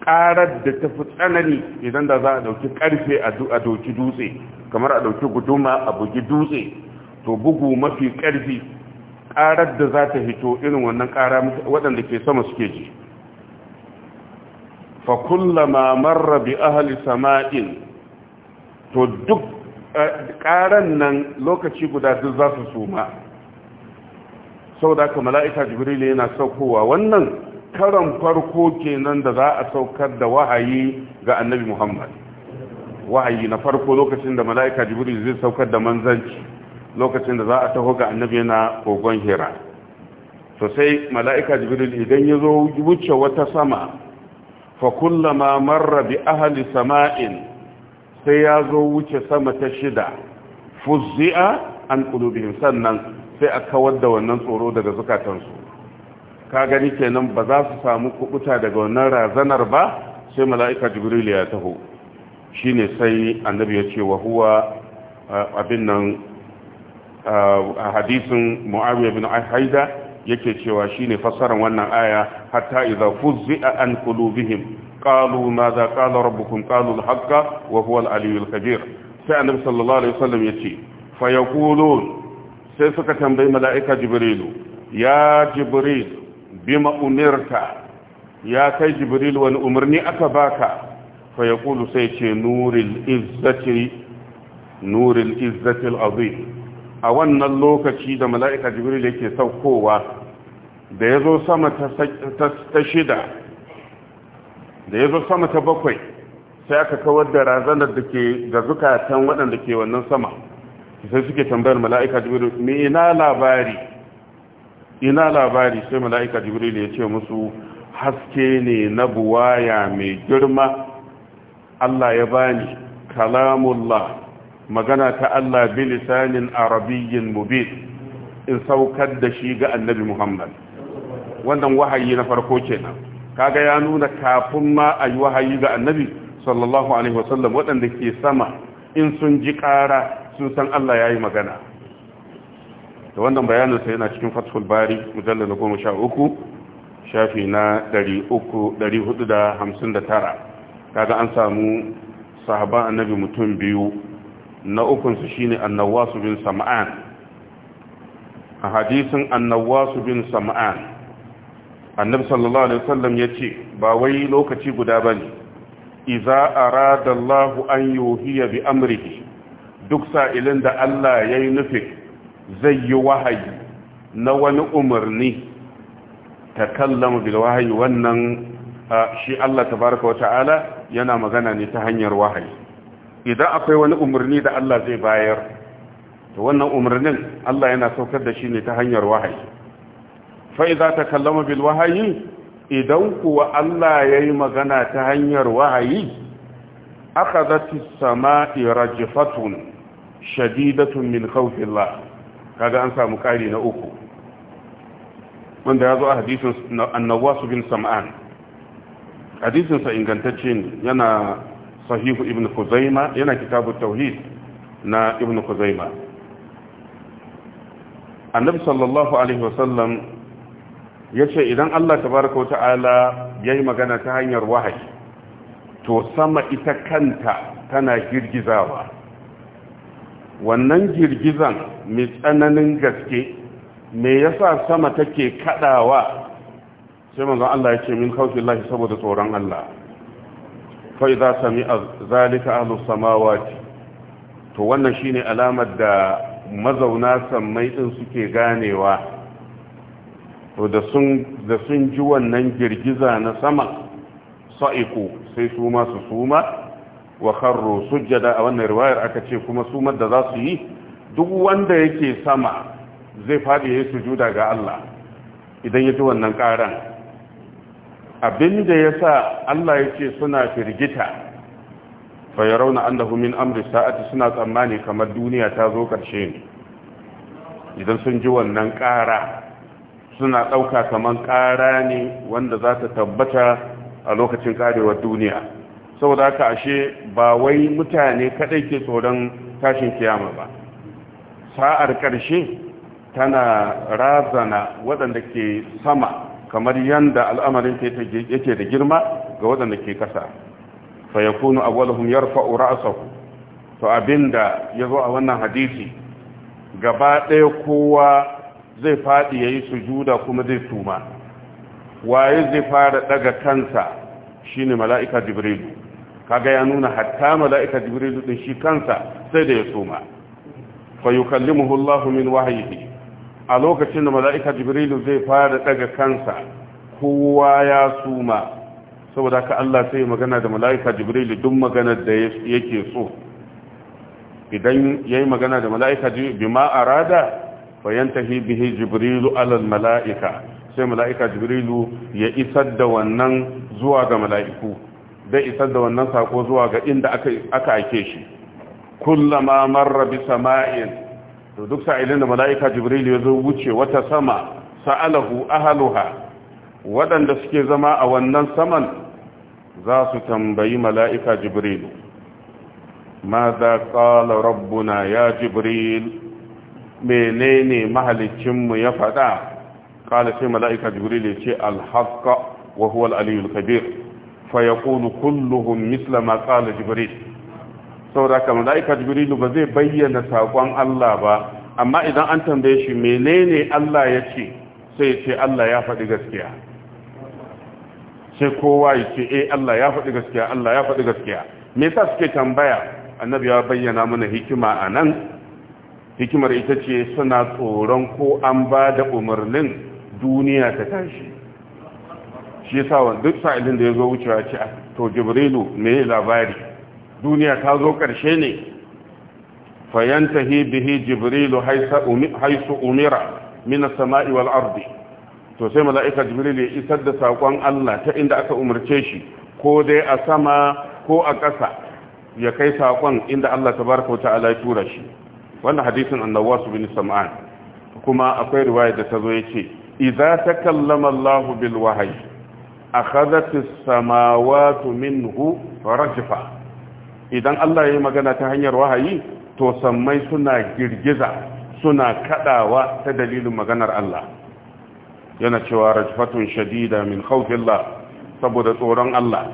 ƙarar da ta fi tsanani idan da za a ɗauki ƙarfe a ɗauki dutse kamar a ɗauki guduma a bugi dutse to bugu mafi ƙarfi ƙarar da za ta hito irin wannan ƙara waɗanda ke sama suke ji fa kullama marra bi ahli sama'in to duk eh, ƙaran nan lokaci guda duk za su suma sau da aka mala'ika jibril yana saukowa wannan karan farko kenan da za a saukar da wahayi ga annabi muhammad wahayi na farko lokacin da mala'ika jibril zai saukar da manzanci lokacin da za a taho ga annabi yana kogon hira to sai mala'ika jibril idan ya zo wuce wata sama fa kullama marra bi ahli sama'in sai ya zo wuce sama ta shida fuzzi'a an kulubihim sannan sai a kawar da wannan tsoro daga zukatansu ka gani kenan ba za su samu kubuta daga wannan razanar ba sai mala'ika jibril ya taho shine sai annabi ya ce wa huwa abin nan a hadisin muawiya bin haida yake cewa shine fassarar wannan aya hatta idza fuzzi'a an kulubihim. قالوا ماذا قال ربكم قالوا الحق وهو العلي الكبير sai annabi sallallahu alaihi wasallam yace fa yaqulun sai suka tambayi mala'ika jibrilu ya jibril bima umirta ya kai jibril wani umarni aka baka fa sai ce nuril izzati nuril izzati al-azim a wannan lokaci da mala'ika jibril yake saukowa da yazo sama ta shida da ya zo sama ta bakwai sai aka kawar da razanar da ke ga zukatan waɗanda ke wannan sama sai suke tambayar mala'ika jibiru me ina labari ina labari sai mala'ika ne ya ce musu haske ne na buwaya mai girma Allah ya bani kalamullah magana ta Allah lisanin arabiyyin mubin in saukar da shi ga annabi Muhammad wannan wahayi na farko kenan kaga ya nuna kafin ma a yi wahayi ga annabi sallallahu alaihi wasallam waɗanda ke sama in sun ji ƙara sun san Allah ya yi magana da wannan bayaninsa yana cikin fathul bari mujallar na goma sha uku shafi na ɗari uku ɗari hudu da hamsin da tara kaga an samu sahaba annabi mutum biyu na ukunsu shine annawasu bin sam'an a hadisin annawasu bin sam'an annabi sallallahu alaihi wasallam ya ce ba wai lokaci guda ba ne iza arada Allah an yuhiya bi amrihi duk sa'ilin da Allah ya yi nufi zai yi wahayi na wani umarni ta kallama bil wahayi wannan shi Allah tabaraka wa ta'ala yana magana ne ta hanyar wahayi idan akwai wani umarni da Allah zai bayar to wannan umarnin Allah yana saukar da shi ne ta hanyar wahayi fa'i za ta kallama bil wahayi idan kuwa Allah ya yi magana ta hanyar wahayi aka zati sama'i rajifatun shadidatun min khawfillah kaga an samu ƙari na uku wanda ya zo a hadisin annawasu bin sam'an hadisinsa ingantacce yana sahihu ibn kuzaima yana kitabu tauhid na ibn kuzaima annabi sallallahu alaihi wasallam ya ce idan Allah tabaraka ta'ala ya yi magana ta hanyar wahayi to sama ita kanta tana girgizawa wannan girgizan mai tsananin gaske me yasa sama take kadawa sai manzon Allah ya ce min khawfillahi saboda tsoron Allah fa idza sami'a zalika ahlus samawati to wannan shine alamar da mazauna sammai din suke ganewa to da sun ji wannan girgiza na sama sa'iku sai su ma suma wa kharru sujjada a wannan riwayar aka ce kuma sumar da za su yi duk wanda yake sama zai faɗi ya sujuda ga Allah idan ya ji wannan ƙaran abin da ya sa Allah ya ce suna firgita fayarauna annahu min amri sa'ati suna tsammani kamar duniya ta zo ƙarshe ne idan sun ji wannan ƙara suna ɗauka kamar ƙara ne wanda za ta tabbata a lokacin ƙarewar duniya saboda haka ashe ba wai mutane kaɗai ke tsoron tashin kiyama ba sa'ar ƙarshe tana razana waɗanda ke sama kamar yadda al'amarin yake da girma ga waɗanda ke ƙasa fa ya kunu awalhum yarfa'u ra'sahu to abin da ya zo a wannan hadisi gaba ɗaya kowa zai faɗi ya yi sujuda kuma zai suma waye zai fara ɗaga kansa shi ne mala'ika jibrilu kaga ya nuna hatta mala'ika jibrilu ɗin shi kansa sai da ya suma fa yi kallimuhu min wahayi a lokacin da mala'ika jibrilu zai fara ɗaga kansa kowa ya suma saboda ka allah sai magana da mala'ika jibrilu duk maganar da yake so idan ya magana da mala'ika jibrilu bi ma arada fayantahi bihi jibrilu alal mala'ika sai mala'ika jibrilu ya isar da wannan zuwa ga mala'iku zai isar da wannan sako zuwa ga inda aka aike shi kullama marra bi sama'in to duk sa'ilin da mala'ika jibrilu ya zo wuce wata sama sa'alahu ahaluha waɗanda suke zama a wannan saman za su tambayi mala'ika jibrilu ماذا قال ربنا ya Jibril? menene mahalicinmu ya faɗa kala sai mala'ika jibril ya ce alhaka wa huwa al kabir fa yaqulu kulluhum misla ma qala jibril saboda mala'ika jibril ba zai bayyana sakon Allah ba amma idan an tambaye shi menene Allah ya ce sai ce Allah ya faɗi gaskiya sai kowa ya ce eh Allah ya faɗi gaskiya Allah ya faɗi gaskiya me yasa suke tambaya annabi ya bayyana mana hikima a nan? hikimar ita ce suna tsoron ko an ba da umarnin duniya ta tashi shi yasa duk sa'ilin da ya zo wucewa ce ah, to jibrilu me labari duniya ta zo ƙarshe ne fayantahi bihi jibrilu haisu umira min as-sama'i wal ardi to sai mala'ika Jibrilu ya isar da sakon Allah ta inda aka umarce shi ko dai a sama ko a ƙasa ya kai saƙon inda Allah tabaraka wa ta'ala ya tura shi wannan hadisin annawasu bin sam'an kuma akwai riwaya da tazo yace idza takallama Allah bil wahyi akhadhat as-samawati minhu rajifa. idan Allah ya yi magana ta hanyar wahayi to sammai suna girgiza suna kadawa ta dalilin maganar Allah yana cewa rajfatun shadida min khawfillah saboda tsoron Allah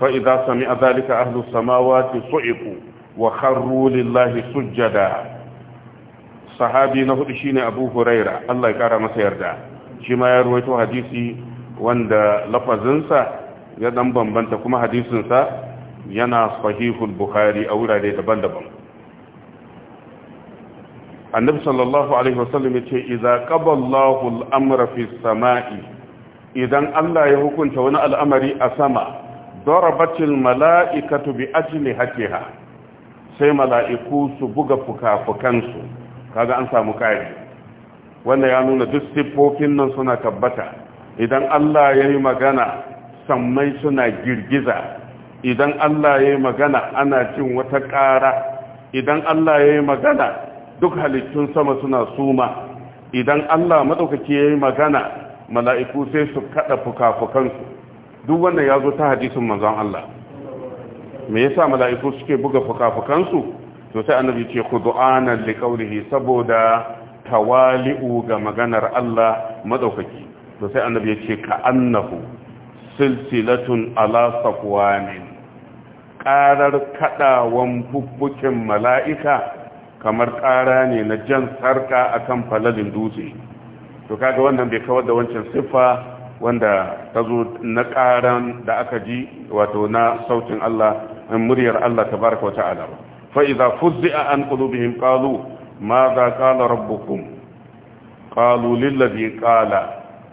fa'iza sami sami'a dhalika ahlus samawati su'iqu wa harulillahi sujjada sahabi na hudu shine abu huraira Allah ya kara masa yarda shi ma ya ruwaito hadisi wanda lafazinsa ya dan bambanta kuma hadisinsa yana sahihul bukhari a wurare daban-daban annabi sallallahu alaihi wasallam yace idza qaballahu al-amra fi samai idan Allah ya hukunta wani al'amari a sama darabatil mala'ikatu bi ajli hatiha sai mala'iku su buga fuka-fukansu kaga an samu kayan wannan ya nuna duk siffofin nan suna tabbata idan Allah ya yi magana sammai suna girgiza idan Allah ya yi magana ana cin wata ƙara idan Allah ya yi magana duk halittun sama suna suma idan Allah maɗaukaki ya yi magana mala'iku sai su kaɗa fuka duk wannan ya zo ta hadisin manzon Allah me yasa mala'iku suke buga fuka to sai annabi ce khudu'anan li saboda tawali'u ga maganar Allah madaukaki to sai annabi ya ce ka annahu silsilatun ala saqwanin karar kadawan bubbukin mala'ika kamar kara ne na jan sarka akan falalin dutse to kaga wannan bai kawar da wancan siffa wanda ta zo na ƙaran da aka ji wato na sautin Allah muryar Allah tabaraka wa ta'ala ba فإذا فزع عن قلوبهم قالوا ماذا قال ربكم قالوا للذي قال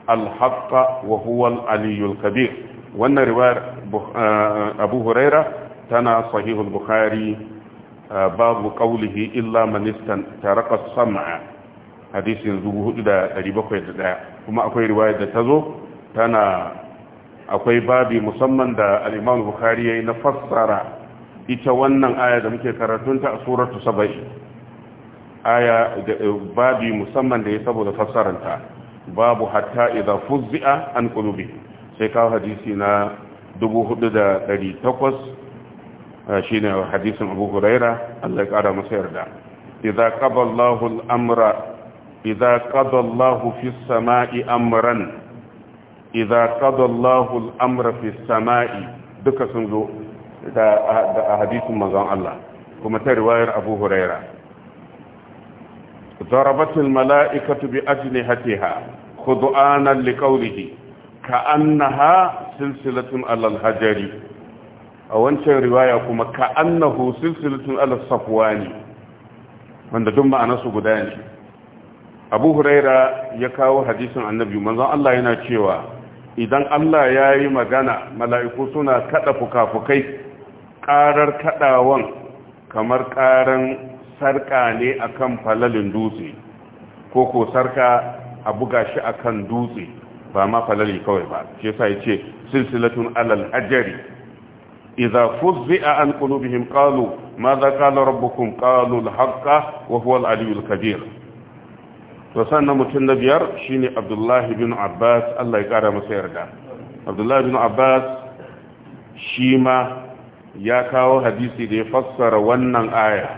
الحق وهو العلي الكبير وأن رواية أبو هريرة تنا صحيح البخاري باب قوله إلا من استرق السمع حديث زبوه إلى أريبا قيد كما أقول رواية تزو تنا أقول بابي مصمم دا الإمام البخاري نفسر ita wannan aya da muke karatunta a suratu saba'i aya eh, babi musamman da ya saboda fassaranta babu hatta idan fuzzi'a an kulubi sai kawo hadisi na 4,800 shi ne hadisin abu huraira allah ya kara masa yarda idan ƙaballahu al'amura idan ƙaballahu fi sama'i amuran idan ƙaballahu al'amura fi sama'i duka sun zo da a hadisin manzon Allah kuma ta riwayar Abu Huraira darabatul mala'ikatu bi ajnihatiha khudu'anan Ka annaha silsilatun alal hajari a wancan riwaya kuma annahu silsilatun alal safwani wanda duk su guda ne abu huraira ya kawo hadisin annabi manzon Allah yana cewa idan Allah ya yi magana mala'iku suna kada fuka-fukai ƙarar kaɗawan kamar ƙaran sarƙa ne akan falalin dutse ko ko sarƙa a buga shi akan dutse ba ma falali kawai ba shi yasa yace silsilatun alal ajari idza fuzza an qulubihim qalu madha qala rabbukum qalu al-haqqa wa huwa al kabir to sannan mutum na biyar shine abdullahi bin abbas Allah ya ƙara masa yarda abdullahi bin abbas shi ma ya kawo hadisi da ya fassara wannan aya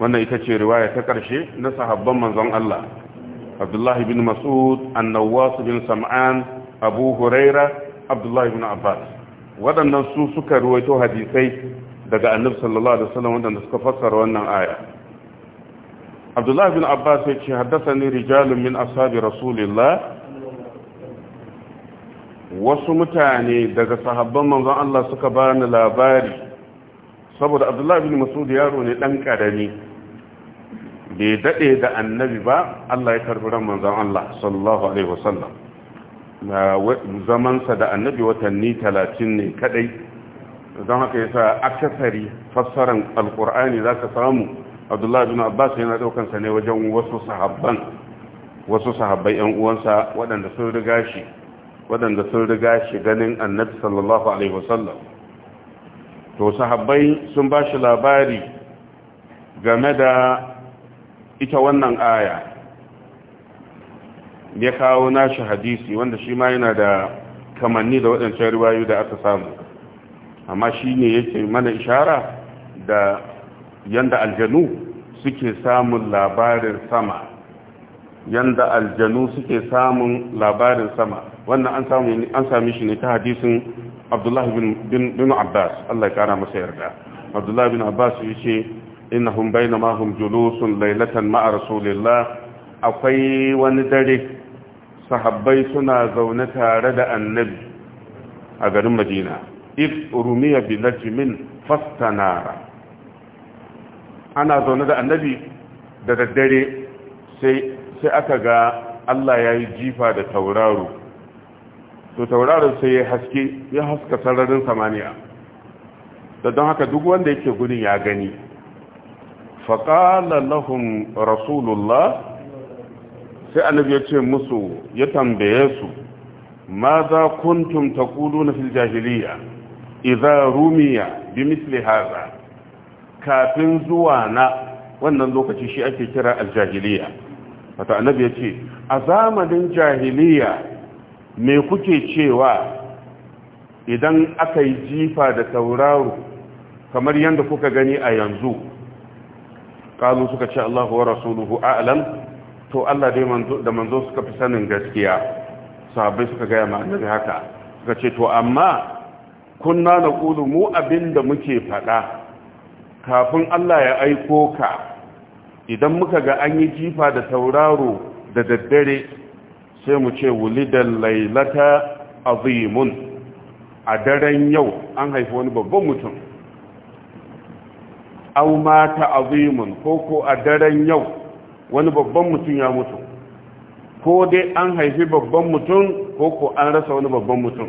wannan ita ce riwaya ta ƙarshe na sahabban manzon Allah Abdullahi bin Mas'ud an bin Sam'an Abu Huraira Abdullahi bin Abbas waɗannan su suka ruwaito hadisai daga Annabi sallallahu alaihi wasallam waɗanda suka fassara wannan aya Abdullahi bin Abbas ya ce ni rijalun min ashabi Rasulillah wasu mutane daga sahabban manzon Allah suka bani labari saboda Abdullahi bin Mas'ud yaro ne dan karami bai dade da annabi ba Allah ya karbi ran manzon Allah sallallahu alaihi wasallam na zaman sa da annabi watanni 30 ne kadai don haka yasa akasari fassaran alqur'ani zaka samu Abdullahi bin Abbas yana daukan sa ne wajen wasu sahabban wasu sahabbai yan uwansa waɗanda sun riga shi waɗanda sun riga shi ganin annabi sallallahu alaihi wasallam to sahabbai sun ba shi labari game da ita wannan aya ya kawo nashi hadisi wanda shi ma yana da kamanni da waɗancan riwayo da aka samu amma shi ne yake mana ishara da yanda aljanu suke samun labarin sama yanda aljanu suke samun labarin sama wannan an samu an sami shi ne ta hadisin Abdullah bin bin Abbas Allah ya kara masa yarda Abdullah bin Abbas yace innahum bainama hum julusun laylatan ma'a rasulillah akwai wani dare sahabbai suna zaune tare da annabi a garin Madina if rumiya bi najmin fastanara ana zaune da annabi da daddare sai sai aka ga Allah ya yi jifa da tauraro to tauraron sai ya haske ya haska sararin samaniya da don haka duk wanda yake gudun ya gani faƙala lahun rasulullah sai annabi ya ce musu ya tambaye su ma za kuntum ta kulu na fil jahiliya iza rumiya bi misli haza kafin zuwa na wannan lokaci shi ake kira aljahiliya wata annabi ya ce a zamanin jahiliya me kuke cewa idan aka yi jifa da tauraro kamar yadda kuka gani a yanzu kalu suka ce Allah wa rasuluhu a'lam to Allah dai da manzo suka fi sanin gaskiya sabai suka gaya ma haka suka ce to amma kunna kulu mu abinda muke fada kafin Allah ya aiko ka idan muka ga an yi jifa da tauraro da daddare sai mu ce wulidan lailata azimun a daren yau an haifi wani babban mutum au mata azimun ko ko a daren yau wani babban mutum ya mutu ko dai an haifi babban mutum ko ko an rasa wani babban mutum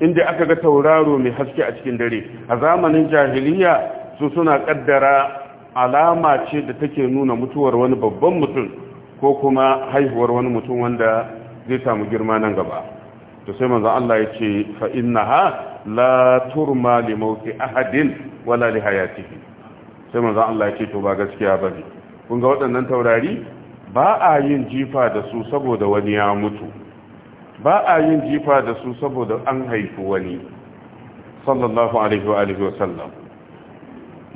inda aka ga tauraro mai haske a cikin dare a zamanin jahiliya su suna kaddara alama ce da take nuna mutuwar wani babban mutum ko kuma haihuwar wani mutum wanda zai samu girma nan gaba to sai manzo Allah ya ce fa innaha la turma li mawti ahadin wala li hayatihi sai manzo Allah ya ce to ba gaskiya bane kun ga waɗannan taurari ba a yin jifa da su saboda wani ya mutu ba a yin jifa da su saboda an haifu wani sallallahu alaihi wa alihi wa sallam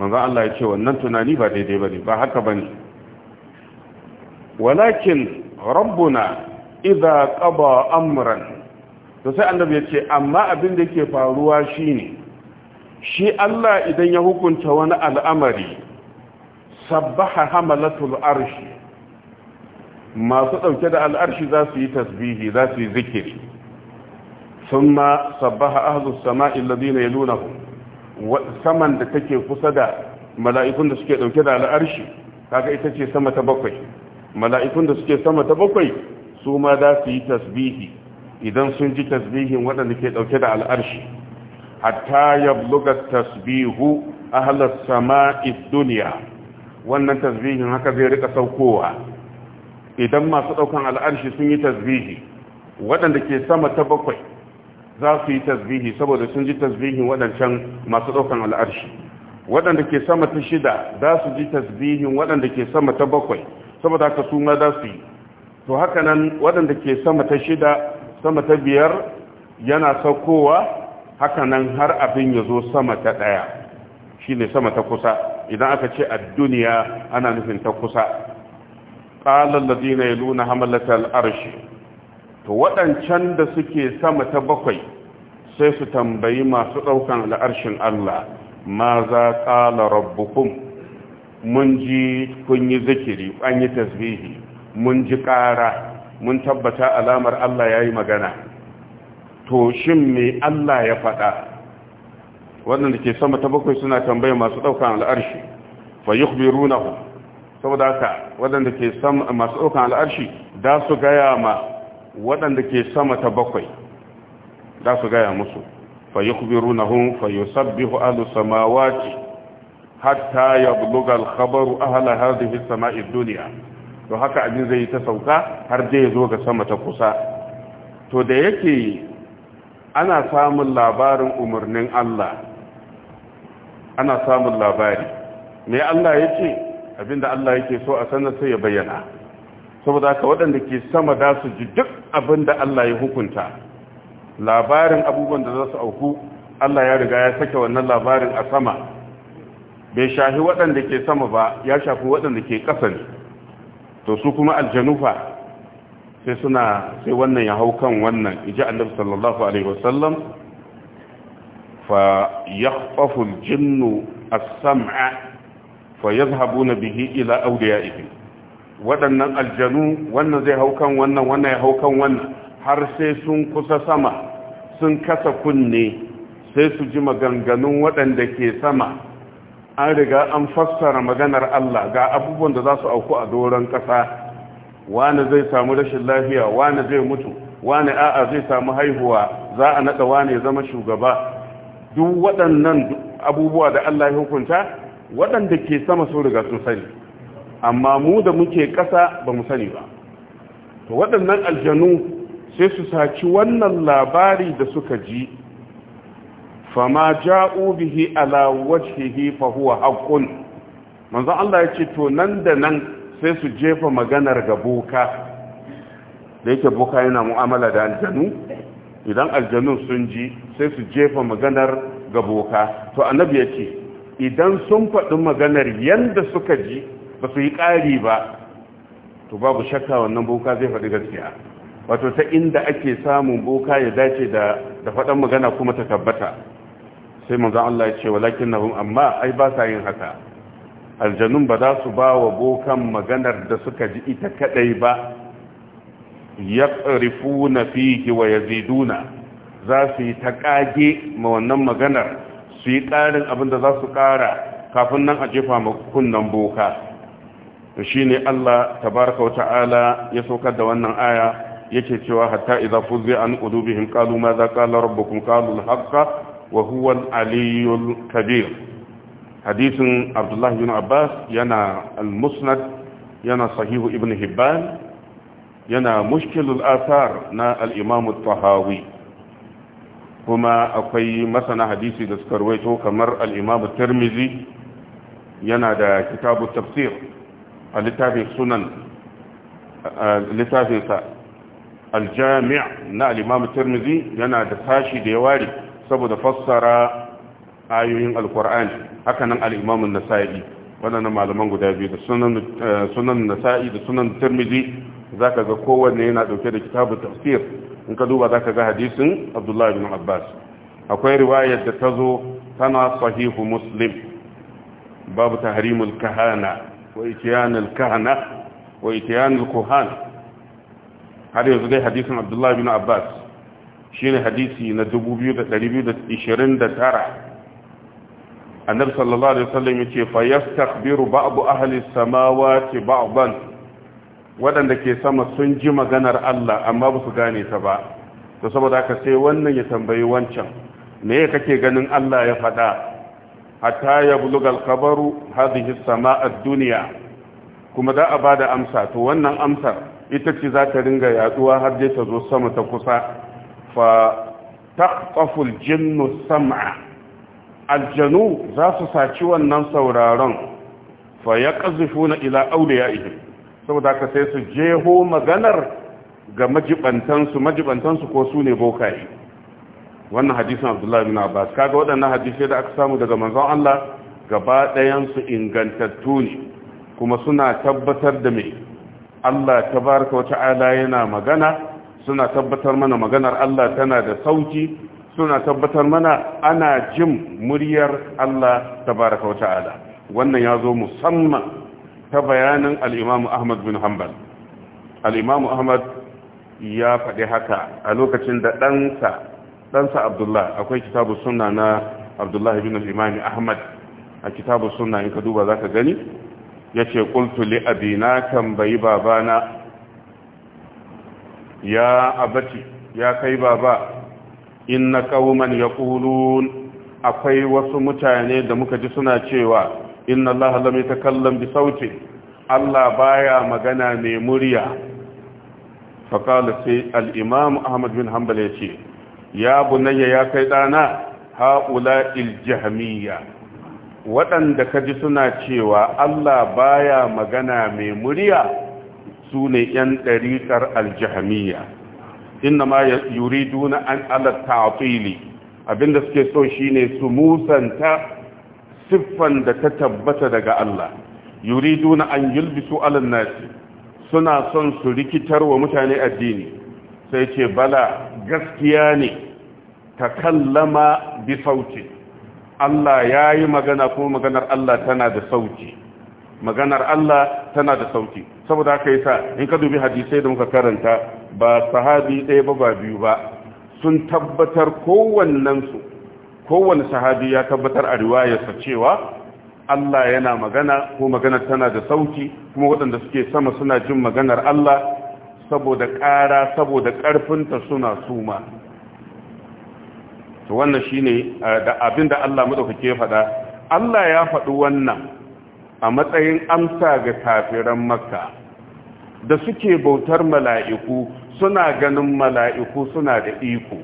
manzo Allah ya ce wannan tunani ba daidai bane ba haka bane walakin rabbuna idza qada amran to sai annabi ya ce amma abin da yake faruwa shine shi Allah idan ya hukunta wani al'amari sabbaha hamalatul arshi masu ɗauke da al'arshi za su yi tasbihi za su yi zikiri sun ma sabbaha ahlus sama'i ladina yalunahu saman da take kusa da mala'ikun da suke ɗauke da al'arshi kaga ita ce sama ta bakwai mala'ikun da suke sama ta bakwai su ma za su yi tasbihi idan sun ji tasbihin waɗanda ke ɗauke da al'arshi hatta ya bluga tasbihu a halar sama'i duniya wannan tasbihin haka zai rika saukowa idan masu ɗaukan al'arshi sun yi tasbihi waɗanda ke sama ta bakwai za su yi tasbihi saboda sun ji tasbihin waɗancan masu ɗaukan al'arshi waɗanda ke sama ta shida za su ji tasbihin waɗanda ke sama ta bakwai saboda haka su ma za su yi to haka nan waɗanda ke sama ta shida sama ta biyar yana saukowa haka nan har abin ya zo sama ta ɗaya shi ne sama ta kusa idan aka ce a duniya ana nufin ta kusa ƙalar ladina ya luna hamalata al'arshi to waɗancan da suke sama ta bakwai sai su tambayi masu ɗaukan al'arshin Allah ma za ƙala rabbukum mun ji kun yi zikiri an yi tasbihi mun ji ƙara mun tabbata alamar Allah ya yi magana to shin me Allah ya faɗa waɗanda ke sama ta bakwai suna tambaya masu ɗaukan al'arshi fa yi saboda haka waɗanda ke sama masu ɗaukan al'arshi da su gaya ma waɗanda ke sama ta bakwai da su gaya musu fa yi fa yi hu alu samawati hatta ya buluga alkhabaru ahala hadhihi samai dunya to haka abin zai ta sauka har dai ya zo ga sama ta kusa to da yake ana samun labarin umarnin Allah ana samun labari me Allah yake abinda Allah yake so a sanar sai ya bayyana saboda haka waɗanda ke sama da su ji duk abinda Allah ya hukunta labarin abubuwan da za su auku Allah ya riga ya sake wannan labarin a sama bai shahi waɗanda ke sama ba ya shafi waɗanda ke ƙasa ne to su kuma aljanufa sai suna sai wannan ya hau kan wannan iji annabi sallallahu alaihi wasallam fa ya yaqfafu aljinnu a sama fa na bihi ila awdiya'ihi waɗannan aljanu wannan zai hau kan wannan wannan ya hau kan wannan har sai sun kusa sama sun kasa kunne sai su ji maganganun waɗanda ke sama an riga an fassara maganar Allah ga abubuwan da za su auku a doron ƙasa wani zai samu rashin lafiya wani zai mutu wani a'a zai samu haihuwa za a naɗa wani zama shugaba duk waɗannan abubuwa da Allah ya hukunta waɗanda ke sama su riga sun sani amma mu da muke ƙasa ba mu sani ba to waɗannan aljanu sai su saci wannan labari da suka ji fama ja bihi ala wajhihi fa huwa haqqun manzo Allah ya to nan da nan sai su jefa maganar ga boka da yake boka yana mu'amala da aljanu idan aljanun sun ji sai su jefa maganar ga boka to annabi ya ce idan sun faɗi maganar yanda suka ji ba su yi ƙari ba to babu shakka wannan boka zai faɗi gaskiya wato ta inda ake samun boka ya dace da faɗan magana kuma ta tabbata sai manzan Allah ya ce walakinnahum amma ai ba sa yin haka aljanun ba za su ba wa bokan maganar da suka ji ita kadai ba yaqrifuna fihi wa yaziduna za su yi ta kage ma wannan maganar su yi ƙarin abin da za su ƙara kafin nan a jefa ma kunnan boka to ne Allah tabaraka wa ta'ala ya saukar da wannan aya yake cewa hatta idza fuzzi an qulubihim qalu ma za qala rabbukum qalu al-haqqa wa huwa al kabir hadisin Abdullahi bin abbas yana al-musnad yana sahihu ibn hibban yana mushkilul asar na al-imam kuma akwai masana hadisi da suka rawaito kamar al-imam tirmizi yana da kitabu tafsir a littafin sunan littafinsa al-jami' na al-imam tirmizi yana da sashi da ya ware saboda fassara ayoyin alkur'ani hakanan al'imamun nasa'i waɗannan malaman guda biyu da sunan eh, nasa'i da sunan tirmizi za ka ga kowanne yana ɗauke da kitabu tafsir in ka duba za ka ga hadisin abdullahi bin abbas akwai riwayar da ta zo tana sahihu muslim babu tahrimul kahana wa itiyanul kahana wa itiyanul kuhan har yanzu dai hadisin abdullahi bin abbas shine hadisi na 2229 annabi sallallahu alaihi wasallam yace fa yastakbiru ba'du ahli samawati ba'dan wadanda ke sama sun ji maganar Allah amma ba su gane ta ba to saboda haka sai wannan ya tambayi wancan me kake ganin Allah ya faɗa hatta ya buluga alkabaru hadhihi sama dunya kuma da a bada amsa to wannan amsar ita ce za ta ringa yaduwa har dai ta zo sama ta kusa fa taqtafu jinnu sam'a aljanu za su saci wannan sauraron fa yaqzifuna ila awliyaihim saboda haka sai su jeho maganar ga majibantansu majibantansu ko su ne bokaye wannan hadisin abdullahi bin abbas kaga waɗannan hadisai da aka samu daga manzon Allah gaba ɗayansu ingantattu ne kuma suna tabbatar da mai Allah ta tabaraka wata ta'ala yana magana suna tabbatar mana maganar Allah tana da sauki suna tabbatar mana ana jin muryar Allah tabaraka wa ta'ala wannan ya zo musamman ta bayanin al'imamu Ahmad bin Hanbal al'imamu Ahmad ya faɗi haka a lokacin da ɗansa ɗansa Abdullah akwai kitabu suna na Abdullah bin al'imami Ahmad a kitabu suna in ka duba za ka gani ya ce ƙultu li'abina kan bayi babana ya abati ya kai baba inna qauman yaqulun akwai wasu mutane da muka ji suna cewa inna Allah ta kallon bi sauti Allah baya magana mai murya faqala sai al-imam Ahmad bin Hanbal yace ya bunayya ya kai ɗana, haula al waɗanda ka ji suna cewa Allah baya magana mai murya su ne 'yan ɗariƙar aljihamiya inna ma yuri duna an alatta abinda suke so shine su musanta siffan da ta tabbata daga Allah yuri duna an yulbisu alan nasi suna son su rikitar wa mutane addini sai ce bala gaskiya ne ta kallama bi sauti Allah ya yi magana ko maganar Allah tana da sauti maganar Allah tana da sauti saboda haka yasa in ka dubi hadisai da muka karanta ba sahabi ɗaya ba ba biyu ba sun tabbatar su kowanne sahabi ya tabbatar a riwayarsa cewa Allah yana magana ko maganar tana da sauti kuma waɗanda suke sama suna jin maganar Allah saboda ƙara saboda ƙarfinta suna suma to wannan shine eh, da abinda Allah madaukake faɗa Allah ya faɗi wannan a matsayin amsa ga kafiran makka da suke bautar mala'iku suna ganin mala'iku suna da iko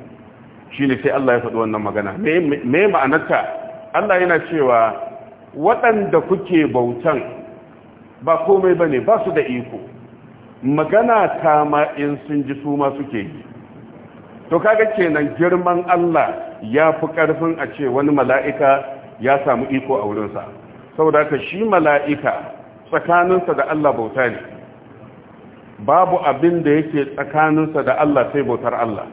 shi ne sai Allah ya faɗi wannan magana me ma'anarta Allah yana cewa waɗanda kuke bautan ba komai ba ne ba su da iko magana ta ma in sun ji su ma suke yi to kaga kenan girman Allah ya fi ƙarfin a ce wani mala'ika ya samu iko a wurinsa saboda ka shi mala'ika tsakaninsa da Allah bauta ne babu abin da yake tsakaninsa da Allah sai bautar Allah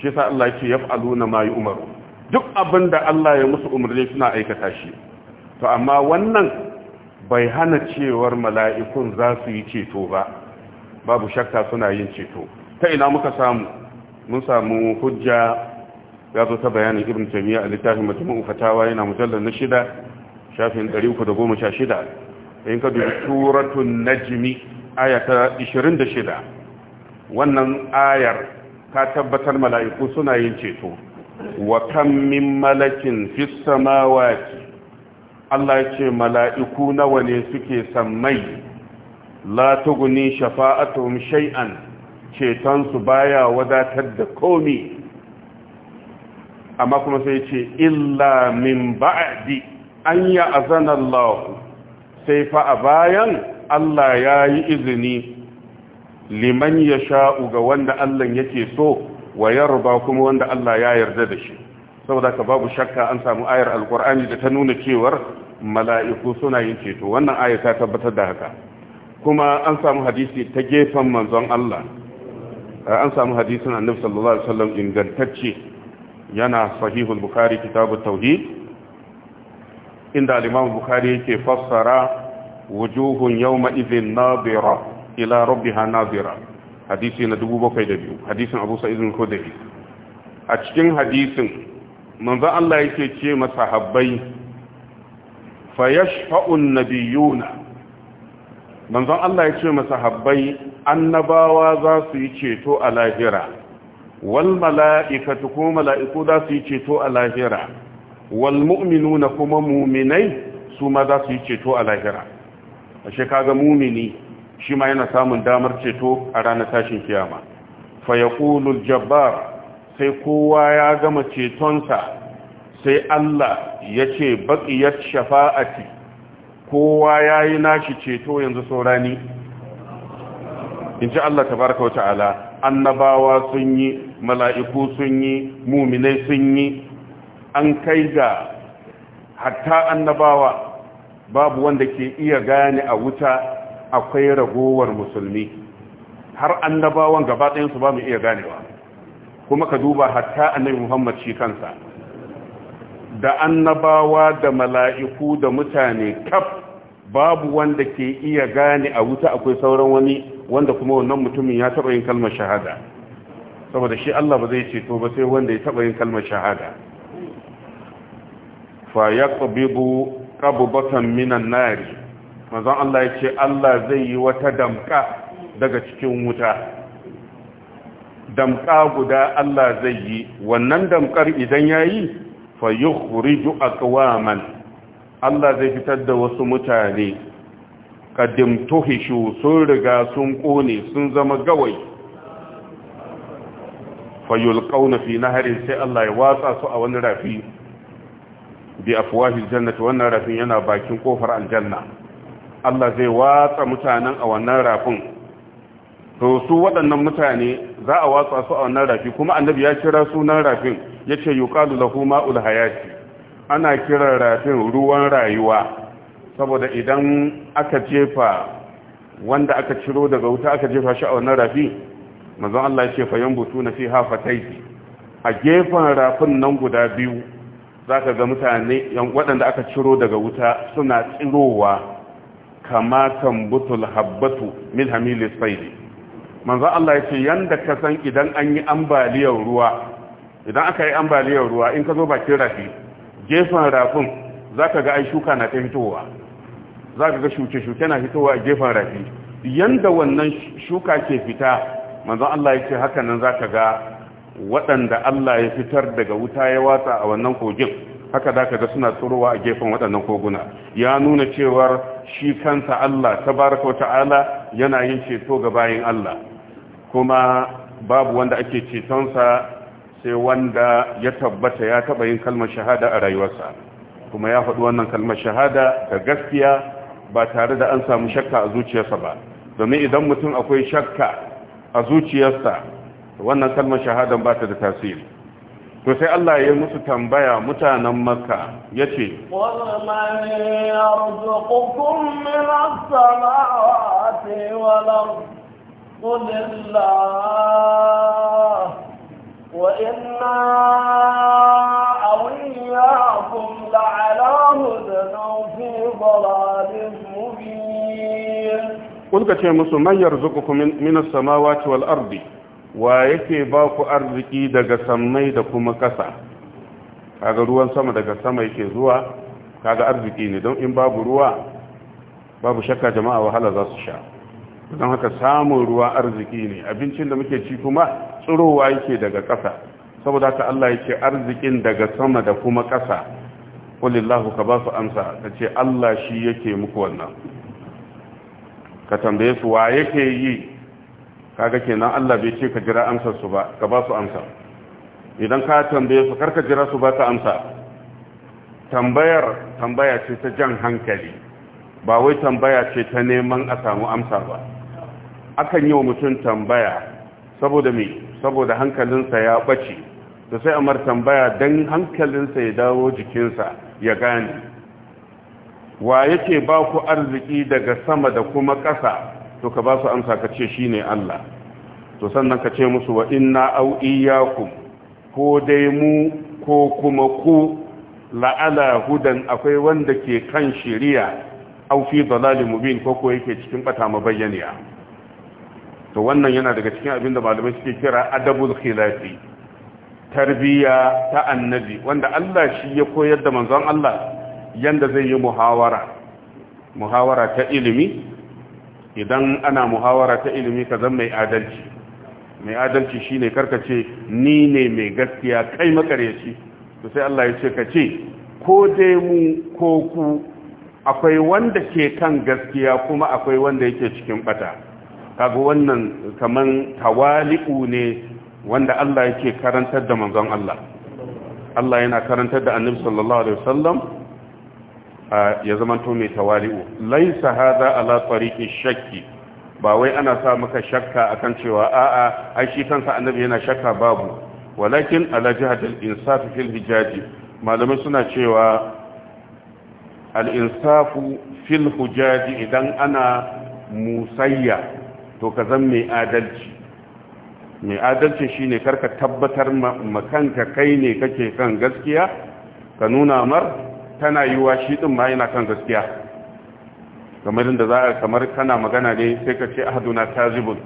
shi sa Allah ce ya na ma yi umaru duk abin da Allah ya musu umarni suna aikata shi to amma wannan bai hana cewar mala'ikun za su yi ceto ba babu shakka suna yin ceto ta ina muka samu mun samu hujja ya zo ta bayanin irin jami'a a littafin majmu'u fatawa yana mujallar na shida shafin 316 in ka dubi suratun najmi ayata 26 wannan ayar ka tabbatar mala'iku suna yin ceto wa kam min malakin fis samawati Allah yake mala'iku nawa ne suke sammai la tuguni shafa'atuhum shay'an ceton su baya wadatar da komi amma kuma sai ce illa min ba'di an yi azana Allah sai fa a bayan Allah ya yi izini liman ya sha'u ga wanda Allah yake so wa yarba kuma wanda Allah ya yarda da shi saboda ka babu shakka an samu ayar alkur'ani da ta nuna cewar mala'iku suna yin ceto wannan ayar ta tabbatar da haka kuma an samu hadisi ta gefen manzon Allah an samu hadisin annabi sallallahu alaihi wasallam ingantacce yana sahihul bukhari kitabut tauhid inda al-imam bukhari yake fassara wujuhun yawma idhin nadira ila rabbiha nadira hadisi na 72 hadisin abu sa'id al-khudri a cikin hadisin manzo Allah yake ce masahabbai fayashfa'un nabiyuna manzo Allah yake masahabbai annabawa za su yi ceto a lahira wal mala'ikatu ko mala'iku za su yi ceto a lahira wal na kuma mu'minai su ma za su yi ceto a lahira ashe kaga mu'mini shi ma yana samun damar ceto a ranar tashin kiyama fa yaqulu jabbar sai kowa ya gama cetonsa sai Allah ya ce baƙiyar shafa'ati kowa ya yi nashi ceto yanzu saurani in ji Allah tabaraka wa ta'ala annabawa sun yi mala'iku sun yi muminai sun yi an kai ga hatta annabawa babu wanda ke iya gane a wuta akwai ragowar musulmi har annabawan gaba ɗayansu ba mu iya ganewa kuma ka duba hatta annabi muhammad shi kansa da annabawa da mala'iku da mutane kaf babu wanda ke iya gane a wuta akwai sauran wani wanda kuma wannan mutumin ya taɓa yin kalmar shahada saboda shi Allah ba zai ceto ba sai wanda ya taɓa yin kalmar shahada fa yaqbidu qabdatan minan nar manzon Allah yace Allah zai yi wata damka daga cikin wuta damka guda Allah zai yi wannan damkar idan yayi fa yukhriju aqwaman Allah zai fitar da wasu mutane kadim tuhishu sun riga sun kone sun zama gawai fa na fi naharin sai Allah ya watsa su a wani rafi bi afwahil jannati wannan rafin yana bakin kofar aljanna Allah zai watsa mutanen a wannan rafin to su waɗannan mutane za a watsa su a wannan rafi kuma annabi ya kira sunan rafin yace yuqalu lahu ma'ul hayati ana kiran rafin ruwan rayuwa saboda idan aka jefa wanda aka ciro daga wuta aka jefa shi a wannan rafi manzon Allah ya ce fa yambutu na fiha fataiti a gefen rafin nan guda biyu za ka ga mutane waɗanda aka ciro daga wuta suna tsirowa kama butul habbatu min hamilis faili manzo Allah ya ce yanda ka san idan an yi ambaliyar ruwa idan aka yi ambaliyar ruwa in ka zo bakin rafi gefen rafin za ka ga ai shuka na ta fitowa za ka ga shuke-shuke na fitowa a gefen rafi yanda wannan shuka ke fita manzo Allah ya ce haka nan za ka ga waɗanda Allah ya fitar daga wuta ya watsa a wannan kogin haka da suna tsorowa a gefen waɗannan koguna ya nuna cewar shi kansa Allah tabaraka wata'ala yana yin ceto ga bayan Allah kuma babu wanda ake cetonsa sai wanda ya tabbata ya taɓa yin kalmar shahada a rayuwarsa kuma ya faɗi wannan kalmar shahada da gaskiya ba tare da an samu shakka a zuciyarsa ba domin idan mutum akwai shakka a zuciyarsa wannan kalmar shahadan ba ta da tasiri to sai Allah ya musu tambaya mutanen makka ya ce قل الله وإنا أوياكم لعلى هدى في ضلال مبين قل كتير مسلمان يرزقكم من السماوات والأرض wa yake ba ku arziki daga samnai da kuma kasa kaga ruwan sama daga sama yake zuwa kaga arziki ne don in babu ruwa babu shakka jama'a wahala za su sha don haka samun ruwa arziki ne abincin da muke ci kuma tsirowa yake daga kasa saboda haka Allah yake arzikin daga sama da kuma ƙasa kullillahu ka ba su amsa ka ce Allah shi yake muku wannan ka tambaye su wa yake yi kaga kenan Allah bai ce ka jira amsar su ba ka ba su amsa idan ka tambaye su karka jira su ba ka amsa tambayar tambaya ce ta jan hankali ba wai tambaya ce ta neman a samu amsa ba akan yi wa mutum tambaya saboda me saboda hankalinsa ya ɓace da sai amar tambaya don hankalinsa ya dawo jikinsa ya gane wa yake ba ku arziki daga sama da kuma ƙasa to ka ba su amsa ka ce shine Allah to sannan ka ce musu wa inna au iyyakum ko dai mu ko kuma ku la'ala hudan akwai wanda ke kan shiriya au fi dalalin mubin ko ko yake cikin bata mabayyaniya to wannan yana daga cikin abin da malamai suke kira adabul khilafi tarbiya ta annabi wanda Allah shi ya koyar da manzon Allah yanda zai yi muhawara muhawara ta ilimi idan ana muhawara ta ilimi ka zan mai adalci mai adalci shine ce ni ne mai gaskiya kai makaryaci to sai Allah ya ce ka ce ko dai mu ko ku akwai wanda ke kan gaskiya kuma akwai wanda yake cikin bata kaga wannan kaman tawali'u ne wanda Allah yake karantar da manzon Allah Allah yana karantar da Annabi sallallahu alaihi wasallam ya zamanto mai tawali'u laisa hadha ala tariqi shakki ba wai ana sa maka shakka akan cewa a'a ai shi kansa annabi yana shakka babu walakin ala jihatil insaf fil hijaji malamai suna cewa al'insafu fil hujaji idan ana musayya to ka zan mai adalci mai adalci shine karka tabbatar makanka kai ne kake kan gaskiya ka nuna mar tana yiwuwa shi ɗin ma yana kan gaskiya kamar da za a kamar kana magana ne sai ka ce ahaduna kazibun